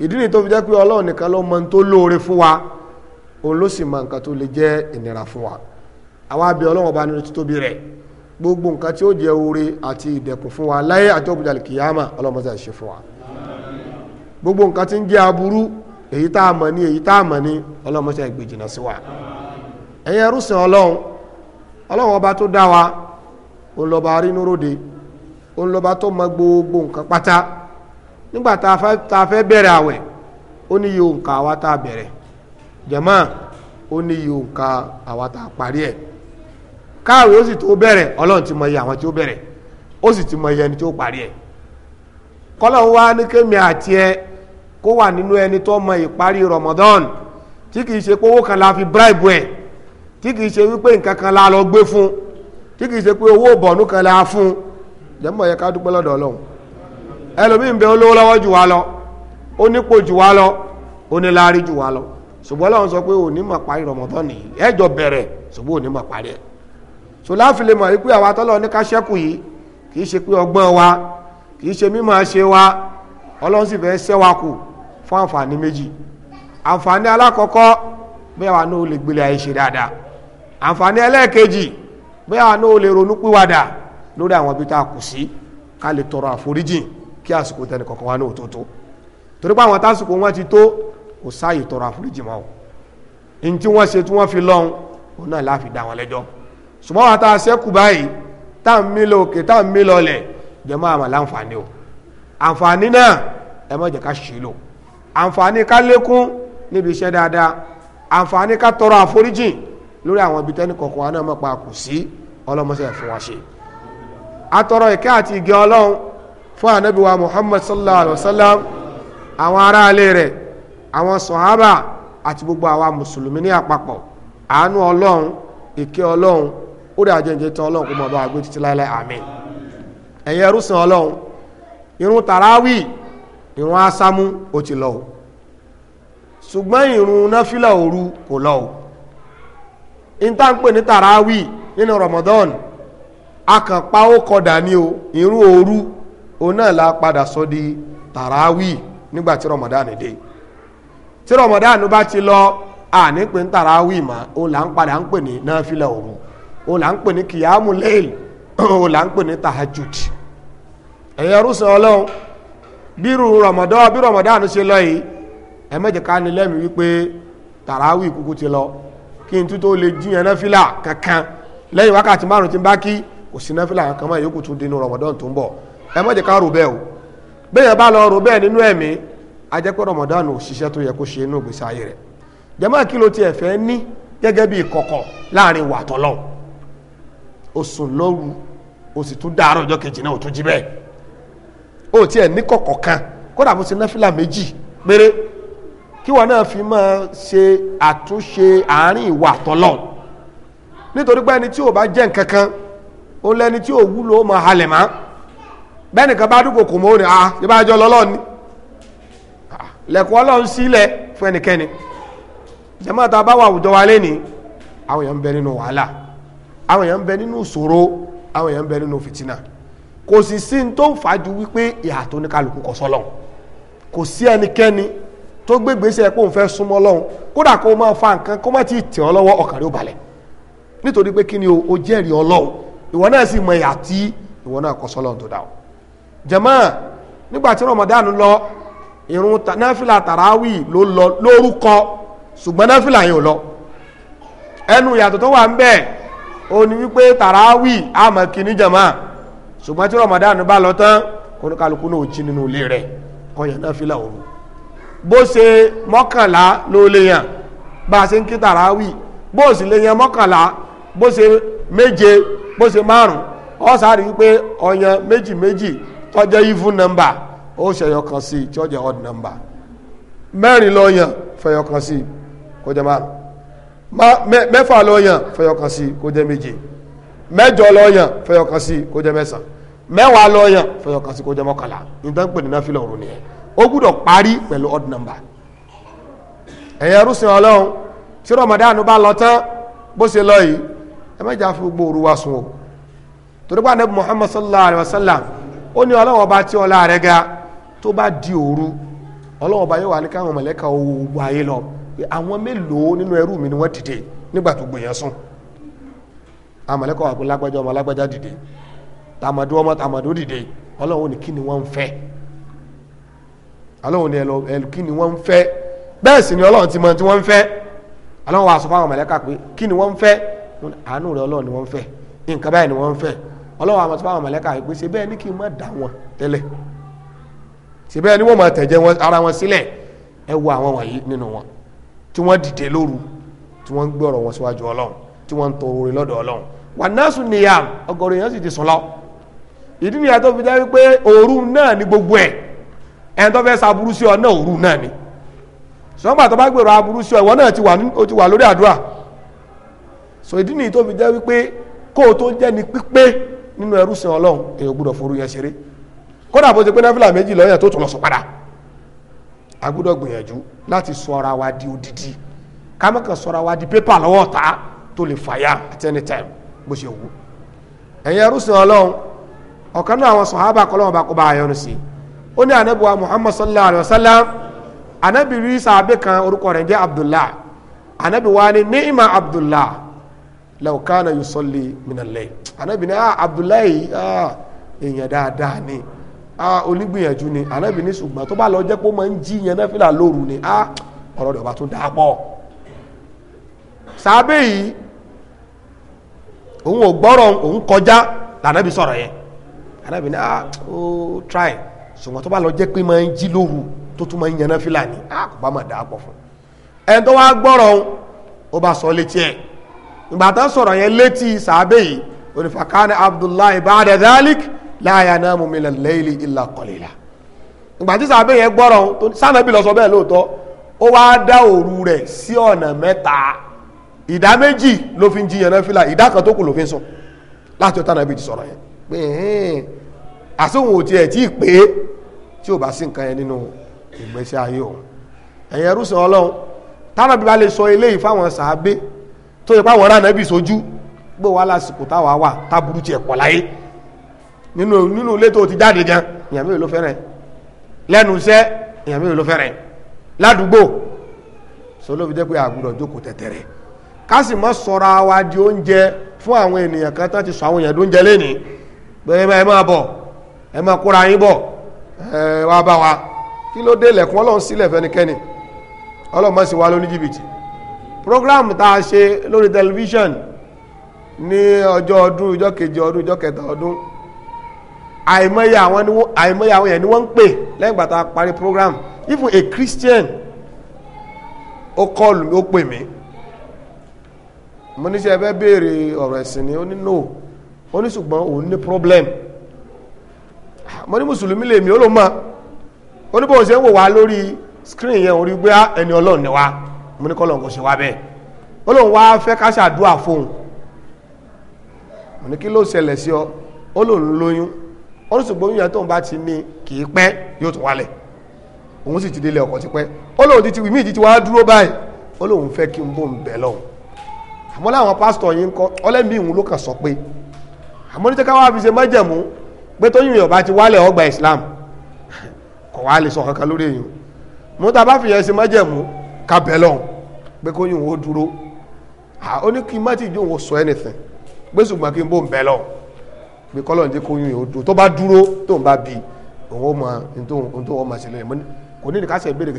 A: ìdí nìyí tó fi jẹ́ pé ọlọ́run nìkan ló mọ tó lóore fún wa òun ló sì mọ nǹkan tó lè jẹ́ ìnira fún wa àwa bí ọlọ́run ọba nínú títóbi rẹ̀ gbogbo nǹkan tí ó jẹ́ oore àti ìdẹ̀kùn fún wa láyé àti ọ̀bùjà kìyàmà ọlọ́run mọ́tà ṣe fún wa gbogbo nǹkan tí ń jẹ́ aburú èyí tá a mọ̀ ní èyí tá a mọ̀ ní ọlọ́run mọ́tà ìgbèjìnà sí wa ẹ̀yin ẹrúsìn ọlọ́run ọlọ́run ọba tó dá wa òun lọ́ba rínú ròde òun lọ́ba tó mọ gbogbo nǹkan pátá nígbà tá a fẹ́ bẹ̀rẹ̀ àwẹ̀ ó ní iye òǹkà àwa tá a bẹ̀rẹ̀ jàmáà ó ní iye ka àwa tá a parí ẹ̀ káàwé ó sì tó bẹ̀rẹ̀ ọlọ́run ti mọ iye àwọn tí ó bẹ̀rẹ̀ ó sì ti mọ iye ẹni tí ó parí ẹ̀ kọ́lọ̀ ń wá ní kémi àti ẹ kó wà nínú ẹni tó mọ ìparí Ramadan tí kìí ṣe pé owó kan la fi bribe ẹ̀ tí kìí ṣe wípé nǹkan kan la lọ gbé fún tí kìí ṣe pé owó bọ̀nú kan la fún jẹ́mọ̀ yẹ ká dúpẹ́ lọ́dọ̀ ọlọ́run ẹlòmíì ń bẹ olówó lọ́wọ́ jù wá lọ onípò jù wá lọ oníláárí jù wá lọ ṣùgbọ́n Ọlọ́run sọ pé òní mà parí Ramadan nìyí ẹjọ bẹ̀rẹ̀ ṣùgbọ́n òní mà parí ẹ̀ so láfilẹ̀ mọ̀ wípé àwa tọ́lọ́ ní ká yìí kì í ṣe pé ọgbọ́n wa kì í ṣe mímọ̀ ṣe wa Ọlọ́run sì fẹ́ ṣẹ́ wa kù fún àǹfààní méjì àǹfààní alákọ̀ọ́kọ́ bẹ́ẹ̀ wà ní o lè gbélé ayé ṣe dáadáa àǹfààní ẹlẹ́ẹ̀kejì bẹ́ẹ̀ wà ní o lè ronú pìwàdà lórí àwọn ibi tá a kù sí ká lè tọrọ àforíjìn kí àsìkò tẹnì kọ̀ọ̀kan wá ní òtótó torí pé àwọn tásìkò wọn ti tó kò sáàyè tọrọ àforíjì mọ́ ò ní tí wọ́n ṣe tí wọ́n fi lọ́hùn òun náà láàfi dá wọn lẹ́jọ́ ṣùgbọ́n wọn ta ṣẹ́kù báyìí tá à ń mí lọ òkè tá à ń mí lọ lẹ̀ jẹ́ máa mà láǹfààní o àǹfààní náà ẹ má jẹ́ ká ṣì lò àǹfààní ká lékún níbi iṣẹ́ dáadáa àǹfààní ká tọrọ àforíjì lórí àwọn ibi tẹ́ni kọ̀ọ̀kan wa náà mọ̀ pa kù sí ọlọ́mọṣẹ́ fún wa ṣe atọrọ ìkẹ́ àti ìgẹ́ ọlọ́run fún ànábì wa muhammad sallallahu alayhi wa sallam àwọn aráalé rẹ̀ àwọn sọ̀hábà àti gbogbo àwa mùsùlùmí ní àpapọ̀ àánú ọlọ́run ìkẹ́ ọlọ́run ó dà jẹ́jẹ́ tán ọlọ́run kó mọ̀ bá gbé títí láíláí àmín ẹ̀yin ẹrúsìn ọlọ́run irun tàràwì irun asámú ó ti lọ ṣùgbọ́n irun náfìlà òru kò lọ ìntànpè ní tàràwì nínú ramadan akànpá ó kọdà ní o irun òru òun náà la padà sọ di tàràwì nígbà tí Ramadan dé tí Ramadan bá ti lọ àní pé ń tàràwì mà ó là ń padà ń pè ní náfìlà òru ó là ń pè ní kìyàmù lẹ́yìn ta là ń pè ní tahajud ẹ̀yẹ rúṣan ọlọ́run bírú Ramadan bí Ramadan ṣe lọ yìí ká ní lẹ́mìí wípé tàràwì kúkú ti lọ kí n tún tó lè jíyan kankan lẹ́yìn wákàtí márùn-ún ti bá kí kò sí kankan ẹ má o bẹ́ẹ̀ bá lọ nínú a jẹ́ pé tó yẹ kó ṣe inú ayé ní gẹgẹ bí ìkọ̀kọ̀ láàrin wa tọ́lọ́ o sùn o sì tún dáàrọ̀ ọjọ kejì náà o tún jí bẹ́ẹ̀ o ní ti náfìlà méjì péré kí wọn náà fi máa ṣe àtúnṣe àárín kan tí bẹ́ẹ̀ nìkan bá dúkò kò mọ́ ah bá jọ ni ah, lẹ́kọ̀ọ́ ọlọ́run sílẹ̀ fún ẹnikẹ́ni jẹ́mọ́ta bá wà àwùjọ wa lé ní àwọn èèyàn bẹ nínú wàhálà àwọn èèyàn bẹ nínú ìṣòro àwọn èèyàn bẹ nínú fìtínà kò sì sí tó ń fàájú wípé ìhà tó ní kálukú kọ kò sí ẹnikẹ́ni tó fẹ́ o jàmáà nígbàtí Ramadan lọ irun náfìlà tàràwì ló lọ lórúkọ ṣùgbọ́n náfìlà yìí lọ ẹnu ìyàtọ̀ tó wà ń bẹ̀ wípé tàràwì àmọ́ kìíní jàmáà ṣùgbọ́n tí Ramadan bá lọ tán kónúkálukú náà jí nínú ilé rẹ̀ kọyàn náfìlà òru bó ṣe mọ́kànlá ló bá ṣe ń kí tàràwì bó ọjọ́ even number ó ṣẹyọ kan sí tí ó jẹ́ odd number mẹ́rin ló yàn fẹyọ kan sí kó jẹ́ márùn mẹ́fà ló yàn fẹyọ kan sí kó jẹ́ méje mẹ́jọ ló yàn fẹyọ kan sí kó jẹ́ mẹ́sàn mẹ́wàá ló yàn fẹyọ kan sí kó jẹ́ mọ́kànlá nítorí pé nínú fílẹ̀ òrùn nìyẹn ó gbúdọ̀ parí pẹ̀lú odd number ẹ̀yẹ rúṣin ọlọ́run tí rọmọdánù bá lọ tán bó ṣe lọ yìí ẹ mẹ́jà fi gbogbo wa sùn o torí pé anabi muhammad sallallahu Alaihi wa sallam ó ní ọlọ́run tí ọlá ga tó bá di òru ọlọ́run ọba yóò wà ní káwọn mọ̀lẹ́ka owó ayé lọ àwọn mélòó nínú mi ni wọ́n dìde nígbà tó gbìyàn sùn àwọn wà pé lágbájá ọmọ lágbájá dìde tàmàdó ọmọ tàmàdó dìde ọlọ́run ní kí ni wọ́n ń fẹ́ ni wọ́n ń fẹ́ bẹ́ẹ̀ ni ti mọ tí wọ́n ń fẹ́ sọ mọ̀lẹ́ka ni wọ́n ń fẹ́ àánú ni wọ́n ń fẹ́ ni wọ́n ń ọlọ́wọ́ àmọ́ tó fáwọn mọ̀lẹ́kà wípé ṣe bẹ́ẹ̀ ní kí n má dà wọn tẹ́lẹ̀ ṣe bẹ́ẹ̀ ni wọ́n máa tẹ̀jẹ̀ ara wọn sílẹ̀ ẹ wo àwọn wọ̀nyí nínú wọn tí wọ́n dìde lóru tí wọ́n ń gbé ọ̀rọ̀ wọn síwájú ọlọ́run tí wọ́n ń tọrọ orin lọ́dọ̀ ọlọ́run wà násù nìyàm ọ̀gọ̀rọ̀ èèyàn sì ti sùn lọ ìdí nìyà tó fi jẹ́ wípé òru náà ni gbogbo ẹ̀ ẹni tó fẹ́ ṣaburú sí ọ náà òru náà ni ṣùgbọ́n gbà tó bá gbèrò aburú sí ọ ìwọ náà ti wà lórí àdúrà so ìdí nìyí tó fi jẹ́ wípé kó jẹ́ ni pípé nínú ẹrú sin ọlọ́run èèyàn gbúdọ̀ forú yẹn ṣeré kódà bó ti pé náfìlà méjì lọ́yàn tó tún lọ sọ padà a gbúdọ̀ gbìyànjú láti sọ ara wa di odidi ká má kàn sọ ara wa di pépà lọ́wọ́ ta tó lè fàyà at any time bó ṣe wù ẹ̀yin ẹrú sin ọlọ́run ọ̀kan náà àwọn sọ̀hábà kọ́lọ́wọ́n bá kó bá ayọ́nu sí ó ní anabiwa muhammad sallallahu alayhi wa sallam anabi rí sàbẹ̀ orúkọ rẹ̀ jẹ́ abdullah anabi wa ni ni'ima abdullah law kana yusalli minal layl anabi ni ah abdullahi ah èèyàn dáadáa ni ah onígbìyànjú ni anabi ni ṣùgbọ́n tó bá lọ jẹ́ pé ó máa ń jí yẹn náfìlà lóru ni ah ọ̀rọ̀ rẹ̀ ọba tó dáa pọ̀ sábẹ́ yìí òun ò gbọ́rọ̀ òun kọjá lànàbí sọ̀rọ̀ yẹn anabi ni ah ó try ṣùgbọ́n tó bá lọ jẹ́ pé máa ń jí lóru tó tún máa ń yẹn náfìlà ni ah kò bá máa dáa pọ̀ fún ẹni tó wá gbọ́rọ̀ ó bá sọ létí ẹ̀ ìgbà tán sọ̀rọ̀ yẹn létí sàábé yìí onífàkánì abdullahi ba'da dhalik la yanamu min al-layli illa qalila ìgbà tí sàábé yẹn gbọ́rọ̀ tó sànàbí lọ sọ bẹ́ẹ̀ lóòótọ́ ó wá dá òru rẹ̀ sí ọ̀nà mẹ́ta ìdá méjì ló fi ń jiyàn náà fìlà ìdá kan tó kù ló fi ń sùn láti ọ̀tá nàbí ti sọ̀rọ̀ yẹn pé àsóhun ò tiẹ̀ tí ì pé tí ò bá sí nǹkan yẹn nínú ìgbésí ayé òun ẹ̀yẹn rúṣin ọlọ́run tánàbí bá lè sọ eléyìí fáwọn sàábé tó yẹ páwọn ará nàbì sojú gbé lásìkò táwa wà táburú tiẹ̀ pọ̀ láyé nínú nínú ti jáde gan èèyàn mélòó ló lẹ́nu iṣẹ́ èèyàn mélòó ló fẹ́rẹ̀ ládùúgbò di oúnjẹ fún àwọn ènìyàn kan ti sọ àwọn èèyàn tó ń jẹ lẹ́nìí ẹ máa bọ̀ ẹ máa kóra yín bọ̀ wá bá wa kí ló dé ọlọ́run sílẹ̀ ọlọ́run lóní program tá a ṣe lórí tẹlifíṣàn ní ọjọ́ ọdún ìjọ kejì ọdún ìjọ kẹta ọdún àìmọye àwọn yẹn ni wọ́n ń pè lẹ́yìn ìgbà tá a parí program even a Christian ó kọlù mi ó pè mí mo níṣẹ́ fẹ́ béèrè ọ̀rọ̀ ẹ̀sìn ni ó ní no ó ní ṣùgbọ́n òun ní problem mo ní mùsùlùmí lèmi ó ló mọ̀ ó ní bóun ṣe ń wò wá lórí screen yẹn orí gbé ah, ẹni ọlọ́run ni mo ní kọ́ lọ́n kò ṣe wá bẹ́ẹ̀ ó lóun wá fẹ́ ká ṣàdúrà fóun mo ní kí ló ṣẹlẹ̀ sí ọ ó lóun lóyún ó lóun ṣùgbọ́n yíyan tóun bá ti ní kì í pẹ́ yóò tún wálẹ̀ òun sì ti délé ọkọ ti pẹ́ ó lóun ti ti wí mí ti wá dúró báyìí ó lóun fẹ́ kí n bò ń bẹ̀ lọ́hùn àmọ́ láwọn pásítọ̀ yìí ń kọ́ ọlẹ́mí ìhun ló kàn sọ pé àmọ́ ní tẹ́káwá fi ṣe májẹ̀mú pé tó yìnyín ọba ti wálẹ̀ ọgbà Islam kọ̀ wá lè sọ kankan lórí èèyàn mo ta bá fi yẹn ṣe májẹ̀mú kábẹ́ lọ́hùn pé kó yìí wọ́n dúró ó ní kí n má ti jó wọn sọ anything pé ṣùgbọ́n kí n bó ń bẹ́ lọ́hùn pé kọ́lọ̀ ń jẹ́ kó yìí wọ́n dúró tó bá dúró tó ń bá bí òun ó mọ ohun tó wọ́n máa ṣe lóyún kò ní ìdíkásẹ̀ mo ní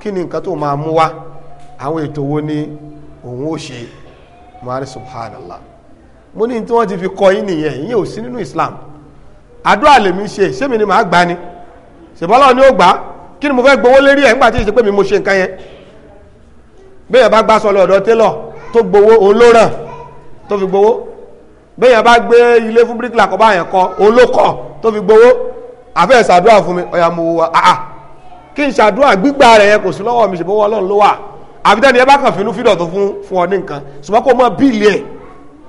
A: kí ni mo ní subhanallah mo ní tí wọ́n ti fi kọ yín nìyẹn ìyẹn ò sí nínú Islam àdúrà lèmi ṣe sẹ́mi ni màá gbà ni ṣèbọ́lá ni ó gbà kí ni mo fẹ́ gbowó lérí ẹ̀ nígbà tí ìṣe pé mi mo ṣe nǹkan yẹn bẹ́ẹ̀ bá gbà sọlọ ọ̀dọ̀ télọ̀ tó gbowó olóràn tó fi gbowó bẹ́ẹ̀ bá gbé ilé fún bíríkìlà kọ́ báyẹn kọ́ olókọ̀ tó fi gbowó àfẹ́ ṣàdúrà fún mi ọ̀yà mo wà áà kí n ṣàdúrà gbígbà rẹ̀ yẹn kò sí lọ́wọ́ mi ṣèbọ́wọ́ Ọlọ́run ló wà àbítẹ́ni ẹ bá kàn fínú fídọ̀ tó fún fún ọ ní nǹkan ṣùgbọ́n kó mọ bíìlì ẹ̀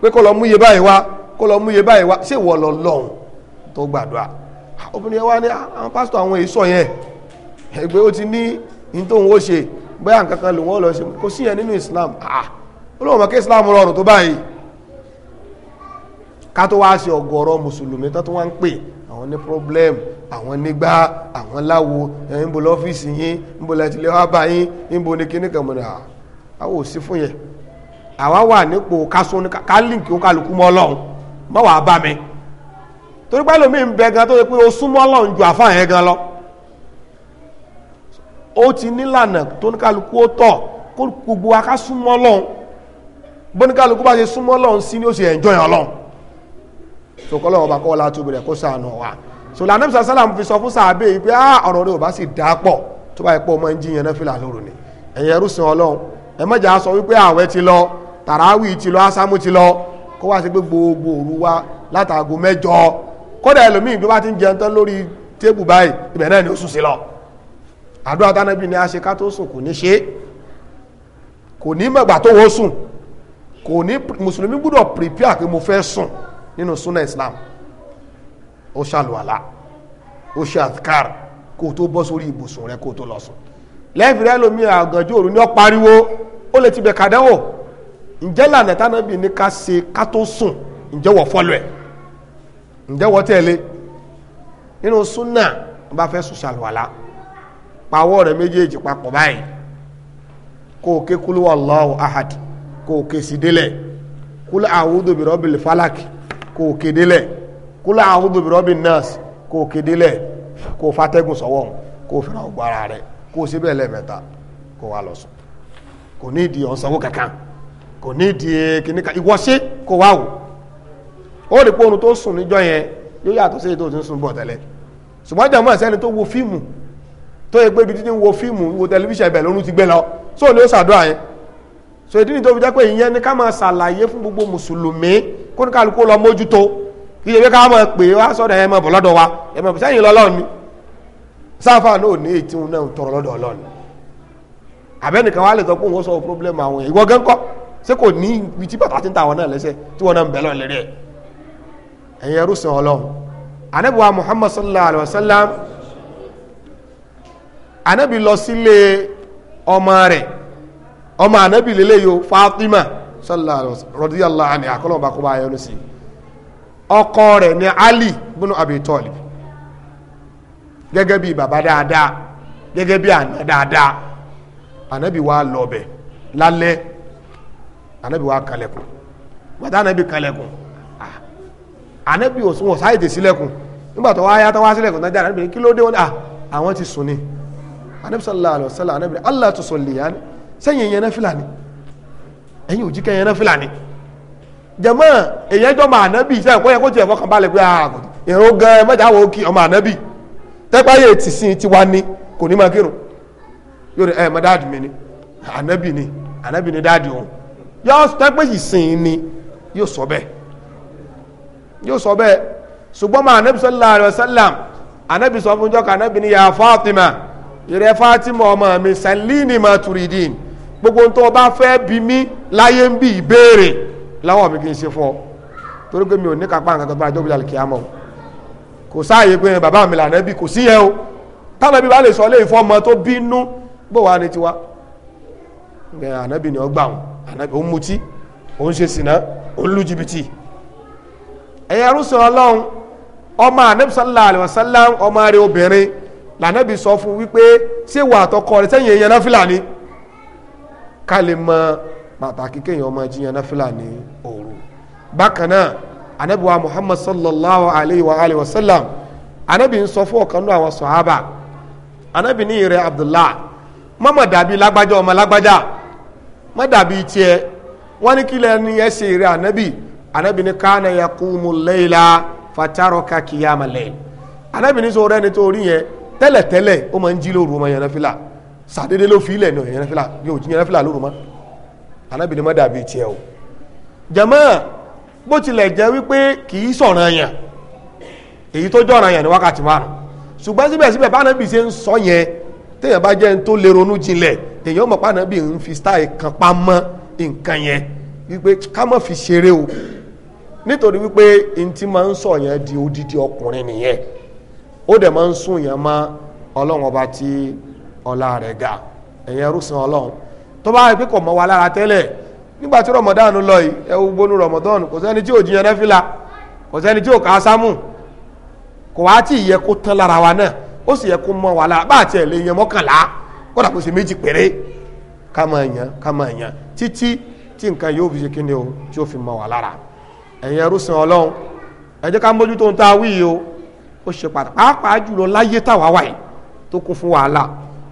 A: pé kó lọ mú iye báyìí wá kó lọ mú iye báyìí wá ṣé ìwọ lọ lọ́hùn tó gbàdúrà obìnrin wa ní ah, àwọn pásítọ̀ àwọn èso yẹn ẹgbẹ́ ó ti ní ní tóun ó ṣe bóyá nǹkan kan lòun lọ ṣe kò sí yẹn nínú Islam ah olóòwò mọ̀ kí Islam rọrùn tó báyìí ká tó wá ṣe ọ̀gọ̀rọ̀ mùsùlùmí tó tó wá ń pè àwọn ní problem àwọn nígbà àwọn láwo ẹ̀yìn bó lọ́fíìsì yín ń bó lẹ́tìlẹ́wà bá yín ń bó ní kíníkà mọ̀ ní àwọn òsì fún yẹn àwa wà nípò kásún kálíǹkì ó kálukú mọ́ ọlọ́run mọ́ wàá bá mi torí pé lómi ń bẹ gan tó yẹ pé o súnmọ́ ọlọ́run ju àfáà yẹn gan lọ ó ti nílànà tó ní kálukú ó tọ̀ kó gbogbo wa ká súnmọ́ ọlọ́run bó ní kálukú bá ṣe súnmọ́ ọlọ́run sí ni ó ṣe ẹ̀jọ́ yẹn ọlọ́run sọkọ́ lọ́wọ́ bá kọ́ ọ́ látúbù kó sànù wa sọlá anamisa sálàm fi sọ fún sàbẹ̀ yìí pé ọ̀rọ̀ rẹ̀ ò bá sì dáa pọ̀ tó bá yẹ pé ọmọ ń jiyàn náà fìlà lóru ni ẹ̀yẹ rúṣin ọlọ́run ẹ mọ̀jà sọ wípé ààwẹ̀ ti lọ tàràwì ti lọ ásámú ti lọ kó wá sí pé gbogbo òru wa látàgò mẹ́jọ kódà ẹlòmíì tó bá ti ń jẹun tán lórí tébù báyìí ibẹ̀ náà ni ó sùn sí lọ àdúrà tánábì ni a ṣe ká tó sùn kò ní ṣe kò ní mọ̀gbà tó wọ́n sùn kò ní mùsùlùmí gbúdọ̀ prepare pé mo fẹ́ sùn nínú sunna islam ó ṣàlùwàlà ó ṣe àdìkàr kó tó bọ́ sórí ibùsùn rẹ kó tó lọ sùn lẹ́yìn fìrẹ́ lómi àgànjú òru ni ó pariwo ó lè ti bẹ̀ kàdánwò ǹjẹ́ lànà tánàbì ní ká ṣe ká tó sùn ǹjẹ́ wọ́n fọ́lọ́ ẹ̀ ǹjẹ́ wọ́n tẹ̀lé nínú súnà wọ́n bá fẹ́ sùn ṣàlùwàlá pawọ́ rẹ̀ méjèèjì papọ̀ báyìí kó o ké kúlú wallahu ahad kó o ké sí délẹ̀ kúlú falak kó o ké délẹ̀ kúlú a'udhu bi kó o ké délẹ̀ kó o fatẹ́gùn sọ́wọ́ kó o fẹ́ràn ọgbà o síbẹ̀ lẹ́ẹ̀mẹ́ta kó o lọ kò ní ìdí kìnníkà ìwọ́sí kò wá wò ó rí pé oorun tó sùn níjọ́ yẹn yóò yàtọ̀ sí èyí tó ti ń sùn bọ̀ tẹ́lẹ̀ ṣùgbọ́n jàmọ́ ẹ̀sẹ́ni tó wo fíìmù tó yẹ pé ibi títí ń wo fíìmù wo tẹlifíṣàn ibẹ̀ lóorun ti gbé lọ sóò ni ó ṣàdúrà yẹn so ìdí ni tó fi jẹ́ pé ìyẹn ni ká máa ṣàlàyé fún gbogbo mùsùlùmí kó ní kálukú lọ mójútó iye wí ká máa pè wá sọ́dọ̀ ẹ̀ máa bọ̀ lọ́dọ̀ wa ẹ̀ máa bọ̀ sẹ́yìn lọ́lọ́run ni sáfà náà ní ètí òun náà tọrọ lọ́dọ̀ ọlọ́run àbẹ́nìkan wà lè sọ pé òun sọ problem àwọn ìwọ gẹ́ńkọ́ Se kò ni ibi tí bàtà ti ń ta àwọn náà lẹ́sẹ̀ tí wọ́n náà ń bẹ̀ lọ ẹrú sàn ọlọ́run anábìwá muhammad sallallahu alayhi wa sallam anábì lọ sílé ọmọ rẹ̀ ọmọ anábì lélẹ́yò fatima sallallahu alayhi wa sallam radiyallahu anha àkọlọ́ bá kó bá yẹnu sí ọkọ rẹ̀ ní ali bínú abi talib gẹ́gẹ́ bí bàbá dáadáa gẹ́gẹ́ bí àná dáadáa anábì wá lọ bẹ̀ lálẹ́ anabi wa kalẹ̀kùn gbàtà anabi kalẹ̀kùn anabi òsùn wọn sáyè tè sílẹ̀kùn nígbà tó wáyá tó wá sílẹ̀kùn náà jáde anabi kí ló dé wọn àwọn ti sùn ni anabi sallallahu alayhi wa sallam allah tó sọ lèyàn sẹ́yìn yẹn náà fìlàní ẹ̀yin òjì kẹ́yìn náà fìlàní jẹmọ èyí ẹjọ ọmọ ànábì sẹ ẹkọ yẹ kó tiẹ̀ fọkàn balẹ̀ pé àgọ èrò gan mẹ́ta wo kí ọmọ ànábì tẹpáyé tìsín tiwa ni kò ní máa kírun yóò rí ẹ mọ dáàdì mi ni anabi ni ànábì ni dáàdì òun yóò tẹ́pẹ́ yìí sìn ni yóò sọ bẹ́ẹ̀ yóò sọ bẹ́ẹ̀ ṣùgbọ́n mà anabi sallallahu alayhi wa sallam anabi sọ fún jọ́ka anabi ni ya Fatima ìrẹ́ Fatima ọmọ mi sallini ma turidin gbogbo n tó bá fẹ́ bí mi láyé ń bí ìbéèrè láwọn mi kì í ṣe fún ọ torí pé mi ò ní kápá nǹkan kan tó bá jọ́ bíjà kìá kò sáàyè pé bàbá mi lànà bí kò sí yẹn o táwọn ẹbí bá lè sọ lé ìfọmọ tó bínú bó wà ní tiwa anabi ni ọgbà wọn ànábì òun mutí òun ṣe sìnà òun lu jìbìtì ẹ̀yà rúṣọ ọlọ́run ọmọ ànábì sallallahu alaihi wasallam ọmọ rẹ obìnrin lànàbì sọ fún wípé ṣé wà àtọkọ rẹ sẹ́yìn èèyàn náà fìlàní ká lè mọ pàtàkì kéèyàn ọmọ jíyan náà fìlàní òru bákan náà ànábì wa muhammad sallallahu alaihi wa alihi wasallam ànábì ń sọ fún ọ̀kan náà àwọn sọ̀hábà ànábì ní ìrẹ abdullah mọ́mọ́ dàbí lágbájá ọmọ lágbájá má dàbí tiẹ̀ wọ́n ní kílẹ̀ ni ẹ ṣe eré ànábì ànábì ní kánà yakumu layla fataraka kiyama layl ànábì ní sọ̀rọ̀ ẹni tó rí yẹn tẹ́lẹ̀tẹ́lẹ̀ ó máa ń jí lóru ọmọ yẹn fìlà sàdédé ló fi ilẹ̀ ní ọ̀yẹn fìlà yóò jí yẹn fìlà lóru mọ́ ànábì ní má dàbí tiẹ̀ o jàmáà bó tilẹ̀ jẹ́ wípé kì í sọ̀ràn yẹn èyí tó jọ̀ràn yẹn ní wákàtí márùn ṣùgbọ́n síbẹ̀síbẹ̀ bá ànábì ṣe ń sọ yẹn téèyàn bá jẹ́ ní tó lè ronú jinlẹ̀ èèyàn mọ̀ pàánà bí n fi style kan pa mọ́ nǹkan yẹn wípé ká má fi ṣeré o nítorí wípé n ti máa ń sọ yẹn di odidi ọkùnrin nìyẹn ó dẹ̀ máa ń sún yẹn mọ́ ọlọ́run ọba tí ọlá rẹ̀ ga ẹ̀yẹn rúsan ọlọ́run tó bá rí kò mọ́ wa lára tẹ́lẹ̀ nígbà rọmọdánù lọ yìí ẹ wo gbónú rọmọdánù kò sẹ́ni tí ò jiyàn náfìlà kò sẹ́ni tí ò ká sámù kò wá tí ì yẹ kó tán lára wa náà ó sì yẹ kó mọ wà lára bá àti ẹ̀ lè yan mọ́kànlá kódà kó ṣe méjì péré ká máa yan ká máa yan títí tí nǹkan yóò fi ṣe kí ni o tí ó fi mọ wà lára ẹ̀yin ẹrú sin ọlọ́run ẹ jẹ́ ká mójútó ń ta wí o ó ṣe pàtàkì pàápàá jùlọ láyé táwa wà yìí tó kún fún wàhálà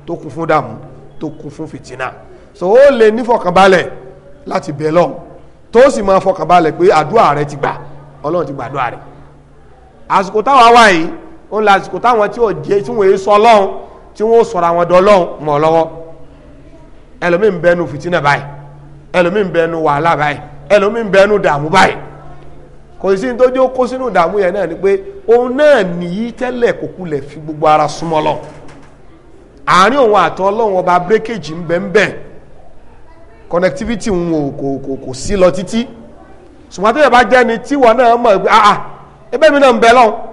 A: tó kún fún dààmú tó kún fún fìtínà so ó lè nífọ̀kànbalẹ̀ láti bẹ̀ lọ tó sì máa fọkànbalẹ̀ pé àdúrà rẹ ti gbà ọlọ́run ti gbàdúrà rẹ àsìkò táwa wà yìí ó lásìkò táwọn tí ò jẹ tí wọn èso ọlọ́run tí wọn ò sọ̀rọ̀ àwọn ọ̀dọ́ ọlọ́run mọ̀ lọ́wọ́ ẹlòmíì ń bẹnu fìtínà báyìí ẹlòmíì ń bẹnu wàhálà báyìí ẹlòmíì ń bẹnu dààmú báyìí kò sí ní tójú ó kó sínú dààmú yẹn náà ni pé òun náà nìyí tẹ́lẹ̀ kò kulẹ̀ fi gbogbo ara súnmọ́ lọ àárín òun àtọ́ ọlọ́run ọba bírèkèjì ń bẹ ń bẹ connectivity ń wò kò kò kò sí lọ títí ṣùgbọ́n tó yẹ bá jẹ́ ni tíwọ́ náà mọ̀ pé ah ah ebẹ́ mi náà ń bẹ lọ́hùn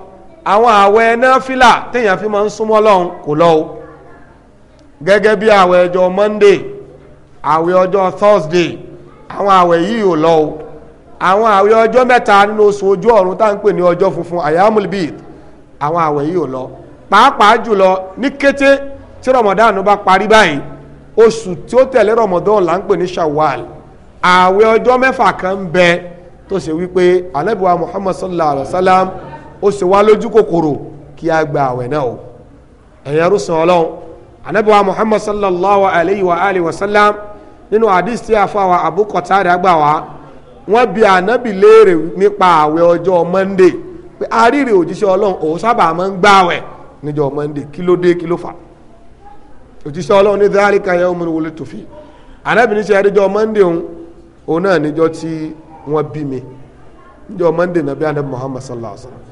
A: àwọn àwẹ̀ náfìlà téèyàn fi máa ń súnmọ́ lọ́hùn kò lọ o gẹ́gẹ́ bí àwẹ̀ ọjọ́ monday àwẹ̀ ọjọ́ thursday àwọn àwẹ̀ yìí ò lọ o àwọn àwẹ̀ ọjọ́ mẹ́ta nínú oṣù ojú ọ̀run tá à ń pè ní ọjọ́ funfun ayamul bid àwọn àwẹ̀ yìí ò lọ pàápàá jùlọ ní kété tí ramadan bá parí báyìí oṣù tí ó tẹ̀lé ramadan là ń pè ní shawwal àwẹ̀ ọjọ́ mẹ́fà kan ń bẹ tó ṣe wípé anabiwa muhammad sallallahu alaihi wa sallam ó sì wá lójú kòkòrò kí a gba àwẹ̀ náà o ẹ̀yin arúsàn ọlọ́run anabiwa muhammad sallallahu alayhi wa alihi wa sallam nínú hadith tí a fọ àwọn abu qatada gbà wá wọ́n bi anabi léèrè nípa àwẹ̀ ọjọ́ monday pé àríre òjíṣẹ́ ọlọ́run òun sábà máa ń gbàwẹ̀ níjọ́ monday kí ló dé kí ló fà òjíṣẹ́ ọlọ́run ní dhalika yawmun wulidtu fi anabi níṣẹ́ ẹ̀ríjọ́ monday òun òun náà níjọ́ tí wọ́n bí mi níjọ́ monday nàbí anabi muhammad sallallahu alayhi wa sallam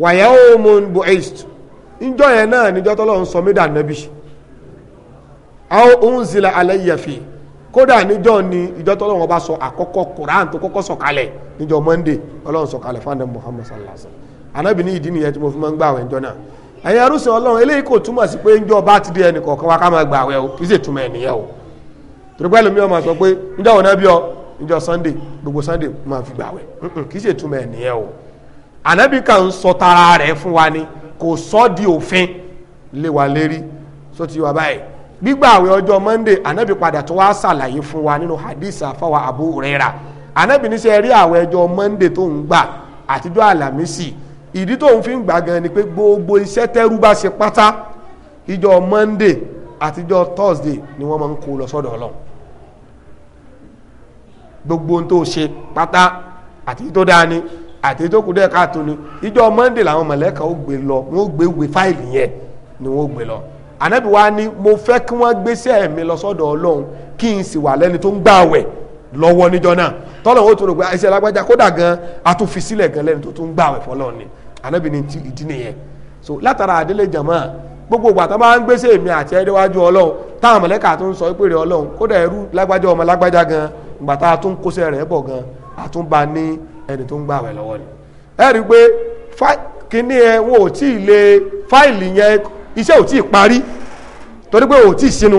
A: wàyà òmùn buhist níjọ́ yẹn náà níjọ́ tọ́lọ́ ń sọ mí dà nẹ́bí alẹ́ kódà ni sọ àkọ́kọ́ Quran tó kọ́kọ́ Monday Ọlọ́run fún Muhammad sallallahu alaihi ìdí nìyẹn fi máa ń gbà náà ẹ̀yin arúsìn Ọlọ́run eléyìí kò túmọ̀ sí pé bá di ẹnì kọ̀ọ̀kan wa ká máa gbà o kì í sì túmọ̀ o torí sọ ọ ànábì kan ń sọ tara rẹ̀ fún wa ni kò sọ di òfin lé wa lérí só ti wà báyìí gbígbà àwẹ̀ ọjọ́ monday ànábì padà tó wá ṣàlàyé fún wa nínú hadith àfáwà Abu Huraira ànábì níṣẹ́ rí àwẹ̀ ọjọ́ monday tó ń gbà àtijọ́ àlàmísì ìdí tó ń fi ń gbà gan ni pé gbogbo iṣẹ́ tẹ́rú bá ṣe pátá ìjọ monday àtijọ́ thursday ni wọ́n máa ń kó lọ sọ́dọ̀ ọlọ́run gbogbo ohun tó ṣe pátá àti tó dáa ni àti tó kù ni ìjọ làwọn mọ̀lẹ́kà ó gbé lọ wọ́n gbé wé fáìlì yẹn ni wọ́n gbé lọ ànábì wa ni mo fẹ́ kí wọ́n gbéṣẹ́ mi lọ sọ́dọ̀ ọlọ́run kí n sì wà lẹ́ni tó ń lọ́wọ́ níjọ náà tọ́lọ̀ ó tún rò pé iṣẹ́ kódà gan gan lẹ́ni tó tún fọlọ́run ni ànábì ni ìdí nìyẹn so látara àdélé jàmọ́ gbogbo ìgbà tó máa ń gbéṣẹ́ mi àti ẹ̀dẹ́wájú ọlọ́run táwọn mọ̀lẹ́kà tó ń sọ ìpèrè ọlọ́run kódà ẹrú lágbájá ọmọ lágbájá gan ìgbà tá a tún gan àtúnba ní ẹni tó ń gbàwẹ̀ lọ́wọ́ ni ẹ i pé kíní ẹ wọn ò tí ì lè fáìlì yẹn iṣẹ́ ò tí ì parí torí pé ò tí ì sínú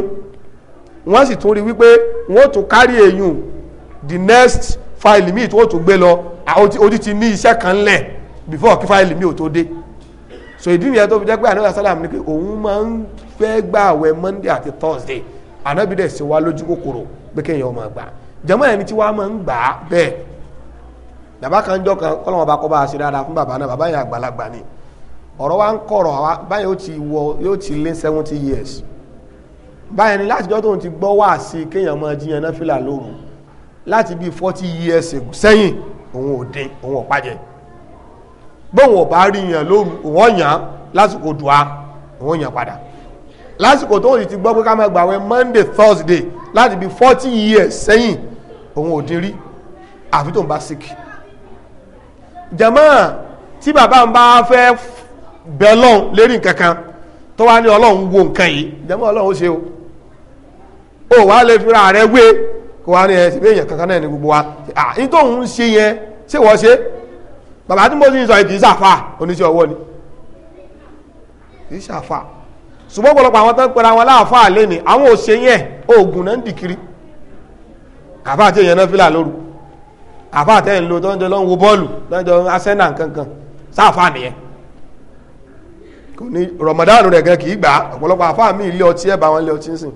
A: wọ́n sì tún rí wípé wọ́n tún kárí èyùn the next fáìlì míì tó tún gbé lọ ojú ti ní iṣẹ́ kan lẹ̀ before kí fáìlì míì ò tó dé so ìdí nìyẹn tó fi jẹ́ pé anabi asálàmù ni pé òun máa ń fẹ́ gbà wẹ̀ monday àti thursday anabi dẹ̀ sí wa lójú kòkòrò pé kéèyàn máa gbà jẹ́mọ́ ẹni tí wàá máa ń gbà á bẹ́ẹ̀ bàbá kan jọ kan kọ́lọ́mọ bá kọ́ bá a ṣe dáadáa fún bàbá náà bàbá yẹn àgbàlagbà ni ọ̀rọ̀ wa ń kọ̀rọ̀ àwa báyìí ó ti wọ yóò ti lé seventy years báyìí ni látijọ́ tóun ti gbọ́ wá sí kéèyàn máa jiyàn náà fìlà lóru láti bíi forty years sẹ́yìn òun ò dín òun ò pàjẹ́ bóun ò bá rí yàn lóru òun ọ̀yàn lásìkò dùá òun ọ̀yàn padà lásìkò tóun ti gbọ́ pé ká máa gbàwẹ̀ Monday Thursday láti bíi forty years sẹ́yìn òun ò dín rí àfi tóun bá sick jàmáà tí bàbá ń bá fẹ́ bẹ lọ́hùn lérí nǹkan kan tó wá ní ọlọ́run wo nǹkan yìí jàmáà ọlọ́run ó ṣe o ó wàá lè fira rẹ wé kó wá ní ẹ sì béèyàn kankan náà ní gbogbo wa à ní tóun ń ṣe yẹn ṣé wọ́n ṣe bàbá tí mo ti ń sọ yìí kì í ṣàfà oníṣẹ́ ọwọ́ ni kì í ṣàfà ṣùgbọ́n ọ̀pọ̀lọpọ̀ àwọn tó ń pera wọn láàfà lẹ́nìí àwọn ò ṣe yẹn oògùn náà ń dìkiri àbá àti èèyàn náà fìlà lóru àfa àtẹ̀ ń lo tọ́jọ́ lọ́n bọ́ọ̀lù tọ́jọ́ Arsenal kankan sáàfà nìyẹn kò ní rọmọdánù rẹ̀ gan kì í gbà ọ̀pọ̀lọpọ̀ àfa mi ilé ọtí ẹ̀ bá wọn ilé ọtí sìn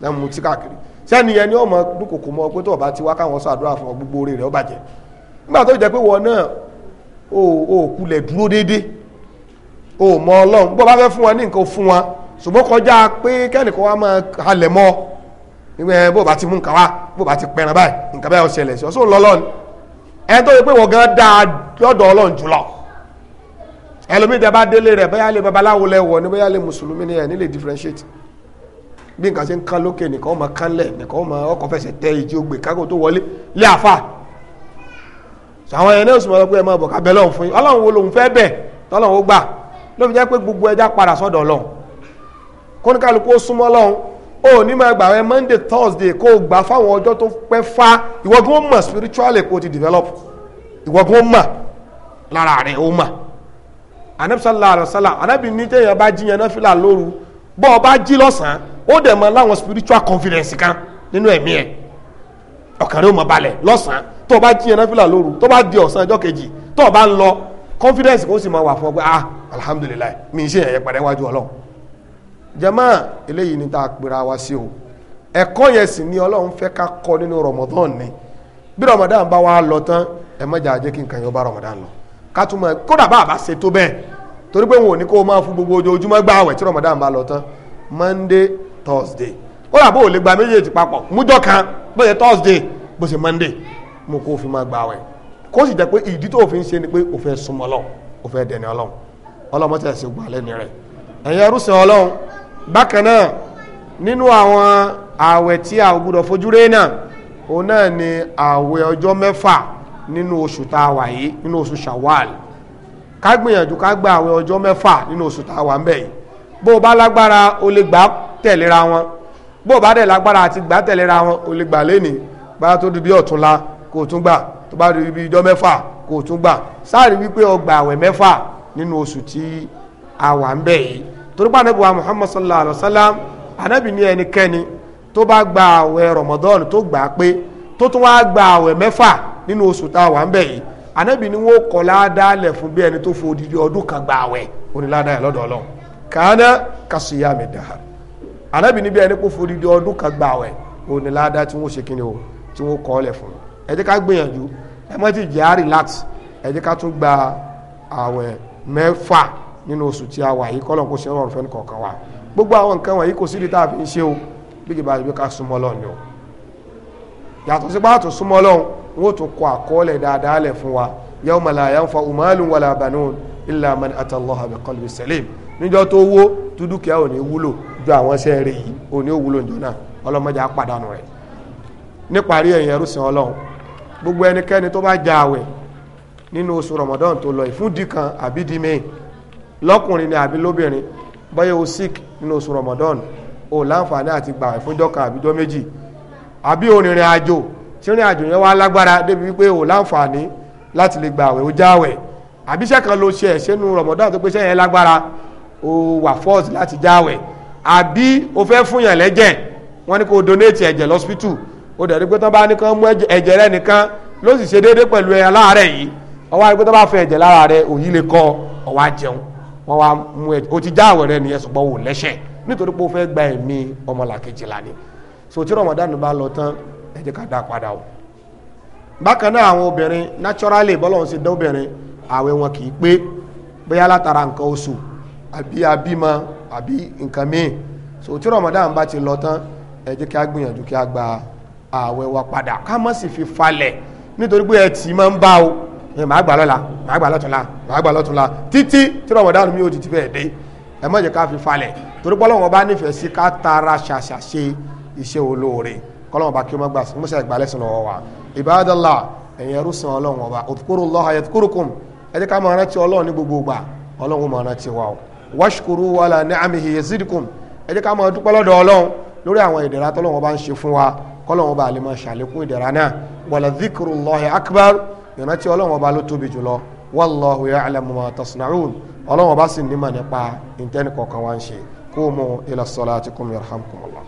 A: náà mu tí káàkiri sẹ́ni yẹn ni ọmọ dúkòkò mọ pé ọba ti wá káwọn sọ àdúrà fún gbogbo ó bàjẹ́ nígbà tó pé wọn náà kulẹ̀ dúró mọ Ọlọ́run bó bá fẹ́ fún wọn ní nǹkan fún wọn ṣùgbọ́n kọjá pé kẹ́nìkan wa máa halẹ̀ mọ́ ọ bó bá ti mú ẹ tó yẹ pé wọ́n gan dáa lọ́dọ̀ ọlọ́run jùlọ ẹlòmíì tẹ bá délé rẹ̀ bóyá lè babaláwo lẹ́wọ̀ ní lè mùsùlùmí ni ẹ̀ nílè differentiate bí nǹkan ṣe ń kán lókè nìkan ọmọ kánlẹ̀ nìkan ọmọ ọkọ̀ fẹsẹ̀ tẹ ìjì ogbè tó wọlé lé àfà àwọn ẹ̀yẹn náà sùnmọ́ pé ẹ máa bọ̀ ká lọ́hùn fún yín ọlọ́run wo lòun fẹ́ bẹ̀ ó gbà jẹ́ pé gbogbo ẹja padà sọ́dọ̀ ọlọ́run kóníkàlùkù ó súnmọ́ o ní máa gbà rẹ monday thursday kó o gbà fáwọn ọjọ́ tó pẹ́ fá ìwọ́gun ó mọ̀ spiritually kó o ti develop ìwọ́gun ó mọ̀ lára rẹ̀ ó mọ̀ anabisala alasala anabi ní tẹ̀yàn bá jiyàn náà fìlà lóru bọ́ ọ bá jí lọ́sàn-án ó dẹ̀ mọ láwọn spiritual confidence kan nínú ẹ̀mí ẹ̀ ọkàn rẹ̀ ó mọ balẹ̀ lọ́sàn-án tó o bá jiyàn náà fìlà lóru tó o bá di ọ̀sán ọjọ́ kejì tó o bá ń lọ confidence kó o sì mọ wà fún ọ pé ah alhamdulilayi mi ń ṣe ẹ̀yẹ padà iwájú Jamaa eléyìí ni tá a pera wa sí o Ẹkọ yẹn sì ni Ọlọ́run fẹ́ ká kọ nínú rọmọdán ni bí rọmọdán bá wa lọ tán ẹ kí nǹkan yẹn bá rọmọdán lọ ká kódà bá a bá ṣe tó bẹ́ẹ̀ torí pé ò ní kó o máa fún gbogbo tí lọ tán Monday Thursday o lè gba méjèèjì papọ̀ kan bó ṣe Thursday bó ṣe Monday mo kó o fi máa kó sì pé ìdí tó o ni pé o bákan náà nínú àwọn ààwẹ̀ tí a gbọ́dọ̀ fojú rẹ̀ náà òun náà ni ààwẹ̀ ọjọ́ mẹ́fà nínú oṣù tá a wà yìí nínú oṣù Shawwal ká gbìyànjú ká gba ààwẹ̀ ọjọ́ mẹ́fà nínú oṣù tá a wà ń bẹ̀ yìí bó o bá lágbára o lè gbà tẹ̀léra wọn bó o bá dẹ̀ lágbára àti gbà tẹ̀léra wọn o lè gbà lénìí bá tó di bí ọ̀túnla kò tún gbà tó bá di bí ọjọ́ mẹ́fà kò tún gbà sáà rí wípé o ààwẹ̀ mẹ́fà nínú oṣù tí a wà ń yìí torípa anabi wa muhammad sallallahu alayhi wa sallam anabi ní ẹnikẹ́ni tó bá gba àwẹ̀ ramadan tó gbà á pé tó tún wá gba àwẹ̀ mẹ́fà nínú oṣù tá a wà ń bẹ̀ yìí anabi ni wọn kọ ládàálẹ̀ fún bí ẹni tó fo odidi ọdún kan gba àwẹ̀ oníládàá yẹn lọ́dọ̀ ọlọ́run kàánà kàṣíyàmì dàhà anabi ni bí ẹni kó fo odidi ọdún kan gba àwẹ̀ oníládàá tí wọ́n ṣe kíni o tí wọ́n kọ́ ọlẹ̀ fún ẹ jẹ́ ká gbìyànjú ẹ má ti jẹ́ à relax ẹ jẹ́ ká tún gba àwẹ̀ mẹ́fà nínú oṣù tí a wà yìí kọ́lọ̀ kó ṣe rọrùn fẹ́ni kọ̀ọ̀kan wa gbogbo àwọn nǹkan wọ̀nyí kò sídìí tá a fi ń ṣe o bí kìí bá ṣe bí ká súnmọ́ lọ́n ni o yàtọ̀ sí pàtó súnmọ́ lọ́n wọn ò tún kọ àkọọ́lẹ̀ dáadáa lẹ̀ fún wa yawma la yanfa'u malun wala banun illa man ata Allaha bi qalbin salim níjọ́ tó wó tó ò ní wúlò ju àwọn iṣẹ́ rẹ̀ yìí ò ní wúlò jọ náà ọlọ́mọdé á pàdánù rẹ̀ níparí ẹ̀yìn ẹrú sin ọlọ́run gbogbo ẹnikẹ́ni tó bá ja àwẹ̀ nínú oṣù Ramadan tó lọ ìfúndì kan àbídìí mẹ́rin lọ́kùnrin ni àbí lóbìnrin bóyá o sick nínú oṣù Ramadan o láǹfààní àti gbààwẹ̀ fúnjọ́ kan àbíjọ́ méjì àbí o rìnrìn àjò tí rìn àjò yẹn wá lágbára débi wípé o láǹfààní láti lè gbààwẹ̀ o jáwẹ̀ àbí iṣẹ́ kan ló ṣe ẹ̀ṣẹ́ nu Ramadan tó pé iṣẹ́ yẹn lágbára o wà force láti jáwẹ̀ àbí o fẹ́ fún yàn lẹ́jẹ̀ wọ́n ní kó o donate ẹ̀jẹ̀ lọ́sípítù o dẹ̀ rí pé tán bá ní kán mú ẹ̀jẹ̀ rẹ nìkan ló sì ṣe déédéé pẹ̀lú ẹ̀ aláàárẹ̀ yìí ọwọ́ àrígbé tán bá fẹ́ ẹ̀jẹ̀ lára rẹ òyìn lè kọ́ ọwọ́ àjẹun wọ́n wá mú ẹ o ti já àwẹ̀ rẹ nìyẹn ṣùgbọ́n wò lẹ́sẹ̀ nítorí pé o fẹ́ gba ẹ̀mí ọmọlàkejì lani so tí Ramadan bá lọ tán ẹ jẹ́ ká dá padà o bákan náà àwọn obìnrin naturally bọ́lọ́hún ṣe dán obìnrin àwẹ̀ wọn kì í pé bóyá látara nǹkan oṣù àbí abímọ àbí nǹkan míì so tí Ramadan bá ti lọ tán ẹ jẹ́ kí a gbìyànjú kí a gba àwẹ̀ wa padà ká má sì fi falẹ̀ nítorí pé ẹ tì í máa ń bá o màá gbà lọ́la màá gbà lọ́túnla màá gbà lọ́túnla títí tí rọmọdánù mi ò ti ti bẹ́ẹ̀ dé ẹ má jẹ́ ká fi falẹ̀ torí pé Ọlọ́run bá nífẹ̀ẹ́ sí ká tara ṣàṣà ṣe iṣẹ́ olóore kọ́lọ́wọ́n bá kí wọ́n gbà sí mọ́ṣẹ́ ìgbàlẹ́sìn lọ́wọ́ wa ibadallah ẹ̀yin ẹrú sìn Ọlọ́run ọba udhkurullaha yadhkurukum ẹ jẹ́ ká máa rántí Ọlọ́run ní gbogbo gbà Ọlọ́run máa rántí wa o washkuru wala ni'amihi yazidkum ẹ jẹ́ ká máa dúpẹ́ lọ́dọ̀ Ọlọ́run lórí àwọn ìdẹ̀ra tọ́lọ́run bá ń ṣe fún wa kọ́lọ́run bá lè máa ṣàlékún ìdẹ̀ra náà wala dhikrullahi ìrántí ọlọ́run ọba ló tóbi jùlọ wallahu ya'lamu ma tasna'un ọlọ́run ọba sì nímọ̀ nípa ìtẹ́nìkọ̀ọ̀kan wá ń ṣe qumu ila salatikum yarhamkumullah.